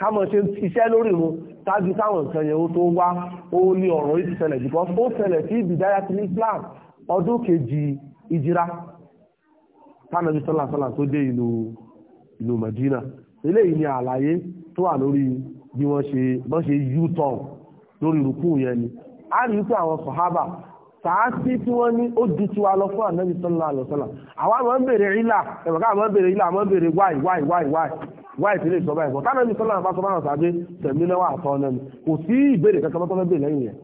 kámọ̀ ṣe iṣẹ́ lórí mu ṣáájú táwọn nǹkan yẹn ó tó wá ó ní ọ̀rọ̀ yìí ti ṣẹlẹ̀ because ó ṣẹlẹ̀ sí ìbìdáyà ti ní Islam ọdún kejì ìjìra tánàbí sọ́làsọ́là tó dé ìlú ìlú Madina eléyìí ni àlàyé tó wà lórí bí wọ́n ṣe bọ́n ṣe u-turn lórí rúkú yẹn ni a rí pé àwọn sọ̀hábà sàásí tí wọ́n ní ó ju tiwa lọ fún ànábì sọ́là lọ́sọ́là àwa máa ń bèrè ìlà ẹ̀wọ̀n ká máa ń bèrè ìlà máa ń bèrè wáì wáì wáì wáì wáì tí lè sọ báyìí bọ̀ tánàbí sọ́là bá sọ báwọn sàbẹ̀ tẹ̀mí lẹ́wọ̀ àtọ́ náà ni kò sí ìbéèrè kankan tó fẹ́ bèrè lẹ́yìn yẹn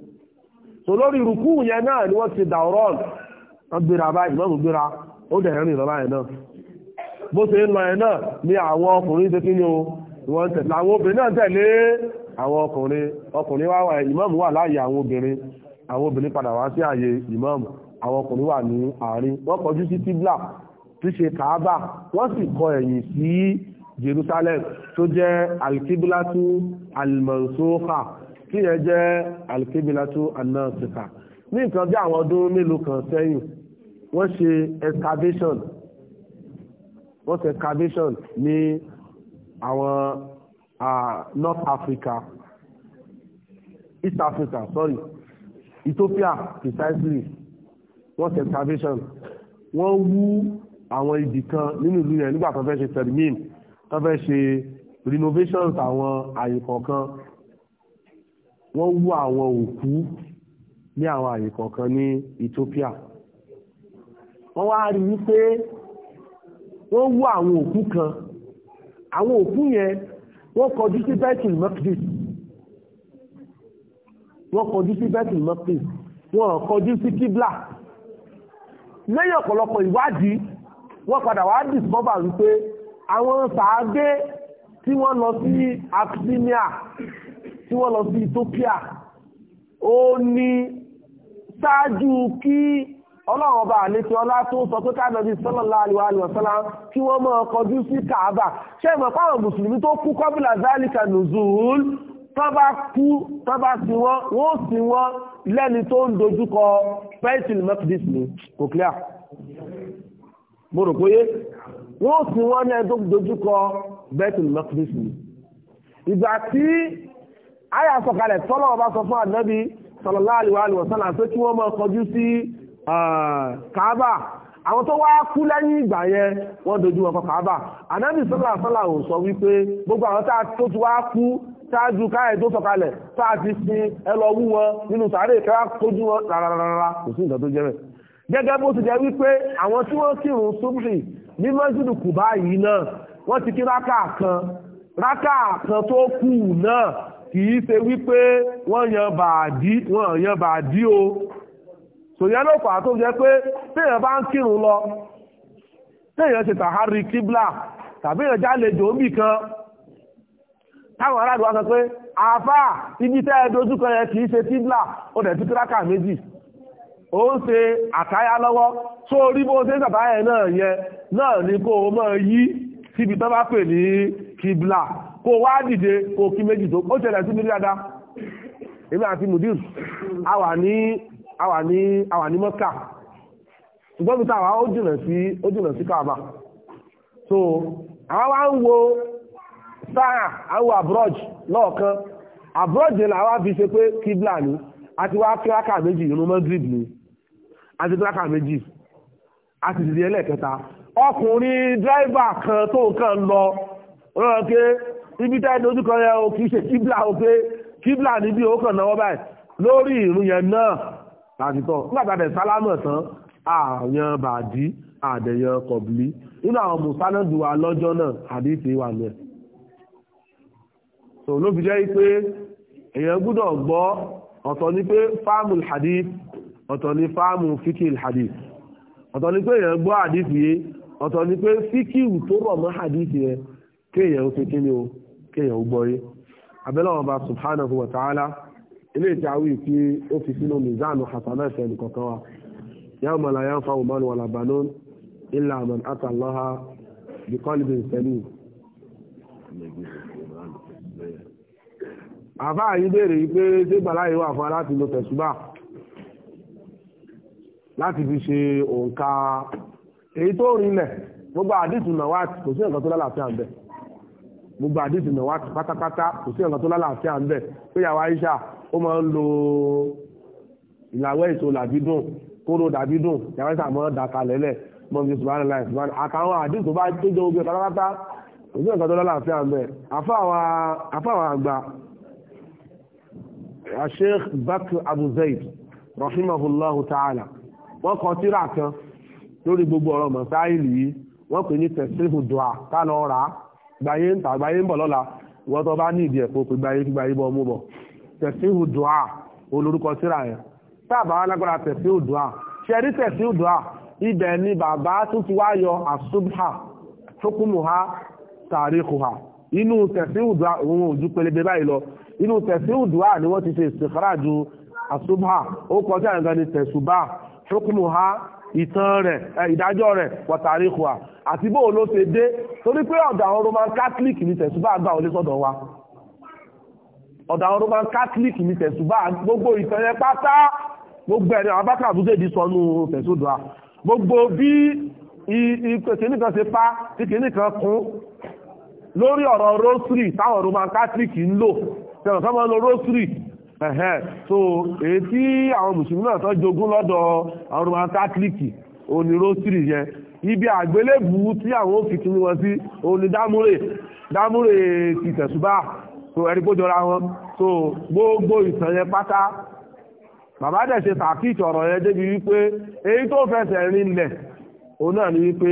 ó dẹ̀ rìn lọ́la ẹ̀ náà bó ṣe ń lọ ẹ̀ náà ni àwọn ọkùnrin ṣe kí ni o wọ́n tẹ̀lé àwọn obìnrin náà tẹ̀lé àwọn ọkùnrin ọkùnrin wá wà ìmáàmù wà láàyè àwọn obìnrin àwọn obìnrin padà wá sí àyè ìmáàmù àwọn ọkùnrin wà ní àárín wọ́n kọjú sí tíblà tí ṣe kàábà wọ́n sì kọ ẹ̀yìn sí Jerusalem tó jẹ́ alkibilatu almansoka tí yẹn jẹ́ alkibilatu anasika ní nǹkan bí àwọn ọdún mélòó kan sẹ́yìn wọ́n ṣe excavation wọ́n ṣe excavation ní àwọn North Africa East Africa sorry Ethiopia precisely wọ́n ṣe excavation wọ́n wú àwọn ibì kan nínú ìlú yẹn nígbà tó fẹ́ ṣe termin tó fẹ́ ṣe renovations àwọn àyè kọ̀ọ̀kan wọ́n wú àwọn òkú ní àwọn àyè kọ̀ọ̀kan ní Ethiopia wọ́n wá rí wípé wọ́n wú àwọn òkú kan àwọn òkú yẹn wọ́n kọjú sí Baitul Maqdis wọ́n kọjú sí Baitul Maqdis wọ́n kọjú sí kíblà lẹ́yìn ọ̀pọ̀lọpọ̀ ìwádìí wọ́n padà wá dìsọ́bà wípé àwọn sàádé tí wọ́n lọ sí Abyssinia tí wọ́n lọ sí Ethiopia ó ní ṣáájú kí ọlọ́run ọba àlékí ọlá tó sọ pé káàdọ̀bí sallallahu alaihi wasallam kí wọ́n mọ́ kọjú sí kàábà ṣé ìmọ̀ páwọn mùsùlùmí tó kú kọ́bílà zálìkà nùzùl tó bá kú tó bá sí wọ́n wọ́n sí wọ́n lẹ́ni tó ń dojúkọ Baitul Maqdis ní kò clear mo rò pé wọ́n sí wọ́n lẹ́ni tó dojúkọ Baitul Maqdis ní ìgbà tí àyà sọ̀kalẹ̀ tọ́lọ́ ọba sọ fún ànábì sallallahu alaihi wasallam pé kí wọ́n mọ́ kọjú sí kàábà àwọn tó wá kú lẹ́yìn ìgbà yẹn wọ́n dojú ọkọ kàábà ànábì sọ́là sọ́là ò sọ wípé gbogbo àwọn tó ti wá kú ṣáájú káyẹ̀ tó sọ̀kalẹ̀ sáà ti sin ẹlọ wú wọn nínú sàárè kẹ́wàá tójú wọn rárára kò sí nǹkan tó jẹ́ bẹ́ẹ̀ gẹ́gẹ́ bó ti jẹ́ wípé àwọn tí wọ́n kírun súnmì ní mọ́sídù kùbá yìí náà wọ́n ti kí rákà kan rákà kan tó kù náà kì í ṣe wípé wọ́n yan bàdí wọ́n yan bàdí o tòyẹ́ ló fà á tó jẹ́ pé téèyàn bá ń kírun lọ téèyàn ṣe tàhárí kíblà tàbí èèyàn jálejò ń bì kan táwọn aráàlú wa sọ pé àáfà ibi tẹ́ ẹ dojúkọ yẹn kì í ṣe kíblà ó dẹ̀ tú tíráka méjì ó ń ṣe àtáyá lọ́wọ́ tó orí bó ṣe ń sàtáyà náà yẹn náà ni kó o mọ̀ yí síbi tó bá pè ní kíblà kó o wá dìde kó o kí méjì tó ó ṣẹlẹ̀ sí mi dáadáa èmi àti mudir a wà ní àwà ní àwà ní mọ́kà ṣùgbọ́n mi táwa ó jìnà sí ó jìnà sí káàbà so àwọn wa ń wo sáà à ń abroad lọ́ọ̀kan abroad yẹn làwọn fi ṣe pé kíblà ni àti wá kíráka méjì irun mọ́gírìb ni àti kíráka méjì àti ìdílé ẹlẹ́ẹ̀kẹta ọkùnrin dírẹ́fà kan tó nǹkan lọ rán pé ibi tẹ́ dojú kan yẹn o kì í ṣe kíblà o pé kíblà níbi ó kàn náwó báyìí lórí ìrun náà látìtọ́ nígbàtàdẹ̀ sálámọ̀ tán àyàn bàdí àdẹ̀yàn kọ̀bìlì nínú àwọn mùsánàdù wa lọ́jọ́ náà àdìsí wà ní ẹ̀ so ló fi jẹ́ pé èèyàn gbúdọ̀ gbọ́ ọ̀tọ̀ ni pé fáàmù hadith ọ̀tọ̀ ni fáàmù fíkìl hadith ọ̀tọ̀ ni pé èèyàn gbọ́ hadith yé ọ̀tọ̀ ni pé fíkìl tó rọ̀ mọ́ hadith yẹn kéèyàn ó ṣe kí ni o kéèyàn ó gbọ́ yé abẹ́lẹ́ wọn bá subhanahu wa ta'ala ilé ìtàwí tí ó fi sínú mizanu hasana ẹ̀fẹ̀lì kọ̀ọ̀kan wa yàwó mọ̀lá yà ń fa òmánu wà làbánú ilà àmàn àtàlọ́ha bíkọ́lì bíi sẹ́lì. àbá yìí béèrè yìí pé ṣé bàláyé wà fún aláti lo tẹ̀sùbà láti fi ṣe òǹkà èyí tó rinlẹ̀ gbogbo àdìsù nàwátì kò sí nǹkan tó lálàáfíà ń bẹ̀ gbogbo àdìsù nàwátì pátápátá kò sí nǹkan tó lálàáfíà ń bẹ̀ pé yàwó Aisha ó máa ń lo ìlàwẹ́ èso làbídùn kóró dàbídùn ìyàwẹ́sà mọ́ dàkalẹ̀lẹ̀ mọ́bí subhanahu wa ta'ala àkàwọn àdín tó bá tó jẹ́ ogun ẹ̀ka lápá òjú ẹ̀ka tó lọ́la àfihàn bẹ́ẹ̀ àfáwọn àgbà Sheikh Bakr Abu Zaid rahimahullahu ta'ala wọ́n kọ tírà kan lórí gbogbo ọ̀rọ̀ mọ̀sáìlì yìí wọ́n pè ní tẹ̀sífù dùà tálọ́ ra gbàyé ń tà gbàyé ń bọ̀ lọ́la ìwọ́n tó bá ní ìdí ẹ̀kọ́ pé gbàyé gbàyé bọ́ mú bọ̀ tẹ̀síhù dùá olórúkọ síra yẹn táàbà alágbára tẹ̀síhù dùá ṣẹ̀rí tẹ̀síhù dùá ibẹ̀ ni bàbá tó ti wá yọ àṣùbà tókùmùhá tàríkùhà inú tẹ̀síhù dùá òun ojú pẹlẹbẹ báyìí lọ inú tẹ̀síhù dùá ni wọ́n ti ṣe ju àṣùbà ó kọ sí àyàngan ni tẹ̀sùbà tókùmùhá ìtàn rẹ̀ ìdájọ́ rẹ̀ pọ̀tàríkùhà àti bóò ṣe dé torí pé ọ̀dọ̀ àwọn Roman Catholic ni tẹ̀sùbà gbà wọlé sọ́dọ̀ wa ọ̀dà àwọn roman catholic ní tẹ̀sùbá gbogbo ìtẹ̀yẹ pátá gbogbo ẹ̀rẹ̀ àwọn bákan àbúzé di sọnù tẹ̀sùdùá gbogbo bí ìkìní kan ṣe pa ìkìní kan kún lórí ọ̀rọ̀ rosary táwọn roman catholic ń lò tẹ̀wọ̀n sọ́mọ́ lo rosary ẹ̀hẹ́n so èyí tí àwọn mùsùlùmí náà tán jogún lọ́dọ̀ àwọn roman catholic òní rosary yẹn ibi àgbélébùú tí àwọn òfin kí wọn sí òní dámúrè dámúrè ti tẹ̀sùbá so ẹni gbójọra wọn so gbogbo ìtàn yẹn pátá bàbá dẹ̀ ṣe tàkìtì ọ̀rọ̀ yẹn débi wípé èyí tó fẹsẹ̀ rinlẹ̀ òun náà ni wípé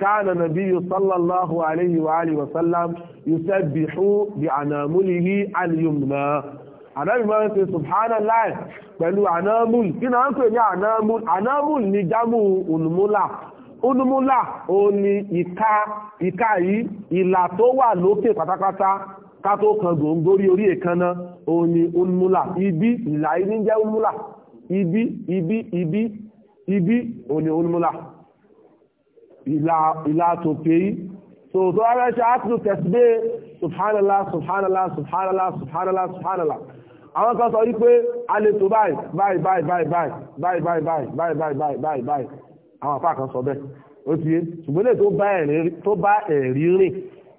káàna nàbí sallallahu alayhi wa alihi wa sallam yusabbihu bi anamulihi al-yumna ànábì máa ń ṣe subhanallah pẹ̀lú anamul kí náà ń pè ní anamul anamul ni jámù unmula unmula òun ni ìka ìka yìí ìlà tó wà lókè pátápátá ká tó kan gòǹgórí orí èékánná òun ni ulmula ibi ìlà ibi ń jẹ́ ulmula ibi ibi ibi ibi òun ni ulmula ìlà ìlà tòkè yìí so tó ara ṣe àtúntò tẹ̀síbẹ́ subhanallah subhanallah subhanallah subhanallah subhanallah àwọn kan sọ wípé a lè tó báyìí báyìí báyìí báyìí báyìí báyìí báyìí báyìí báyìí báyìí báyìí báyìí àwọn àpá kan sọ bẹ́ẹ̀ ó ti yé ṣùgbọ́n lè tó bá ẹ̀rí rìn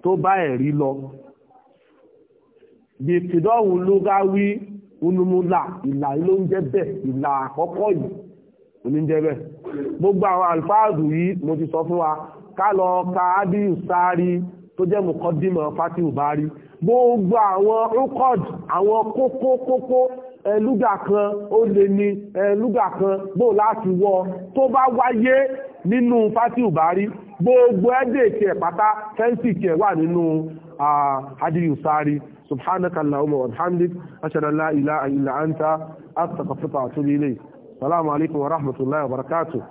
tó bá ẹ̀rí lọ bìtìdọ́wù lúgáwí unumula ìlà ló ń jẹ́ bẹ́ẹ̀ ìlà àkọ́kọ́ yìí oníjẹ́ bẹ́ẹ̀ gbogbo àwọn alfáàdù yìí mo ti sọ fún wa ká lọ ka ádìyù sáárì tó jẹ́ mùkọ́dìmọ̀ fatihu bari gbogbo àwọn rúkọ́d àwọn kókó kókó ẹlúgà kan ó lè ní ẹlúgà kan gbò láti wọ tó bá wáyé nínú fatihu bari gbogbo ẹ̀dẹ̀ pátá fẹ́ǹsì ìkẹ̀ wà nínú hadiyu sari subhanaka allahumma wa bihamdik ashhadu an la ilaha illa anta astaghfiruka wa atubu ilayk assalamu alaikum wa rahmatullahi wa barakatuh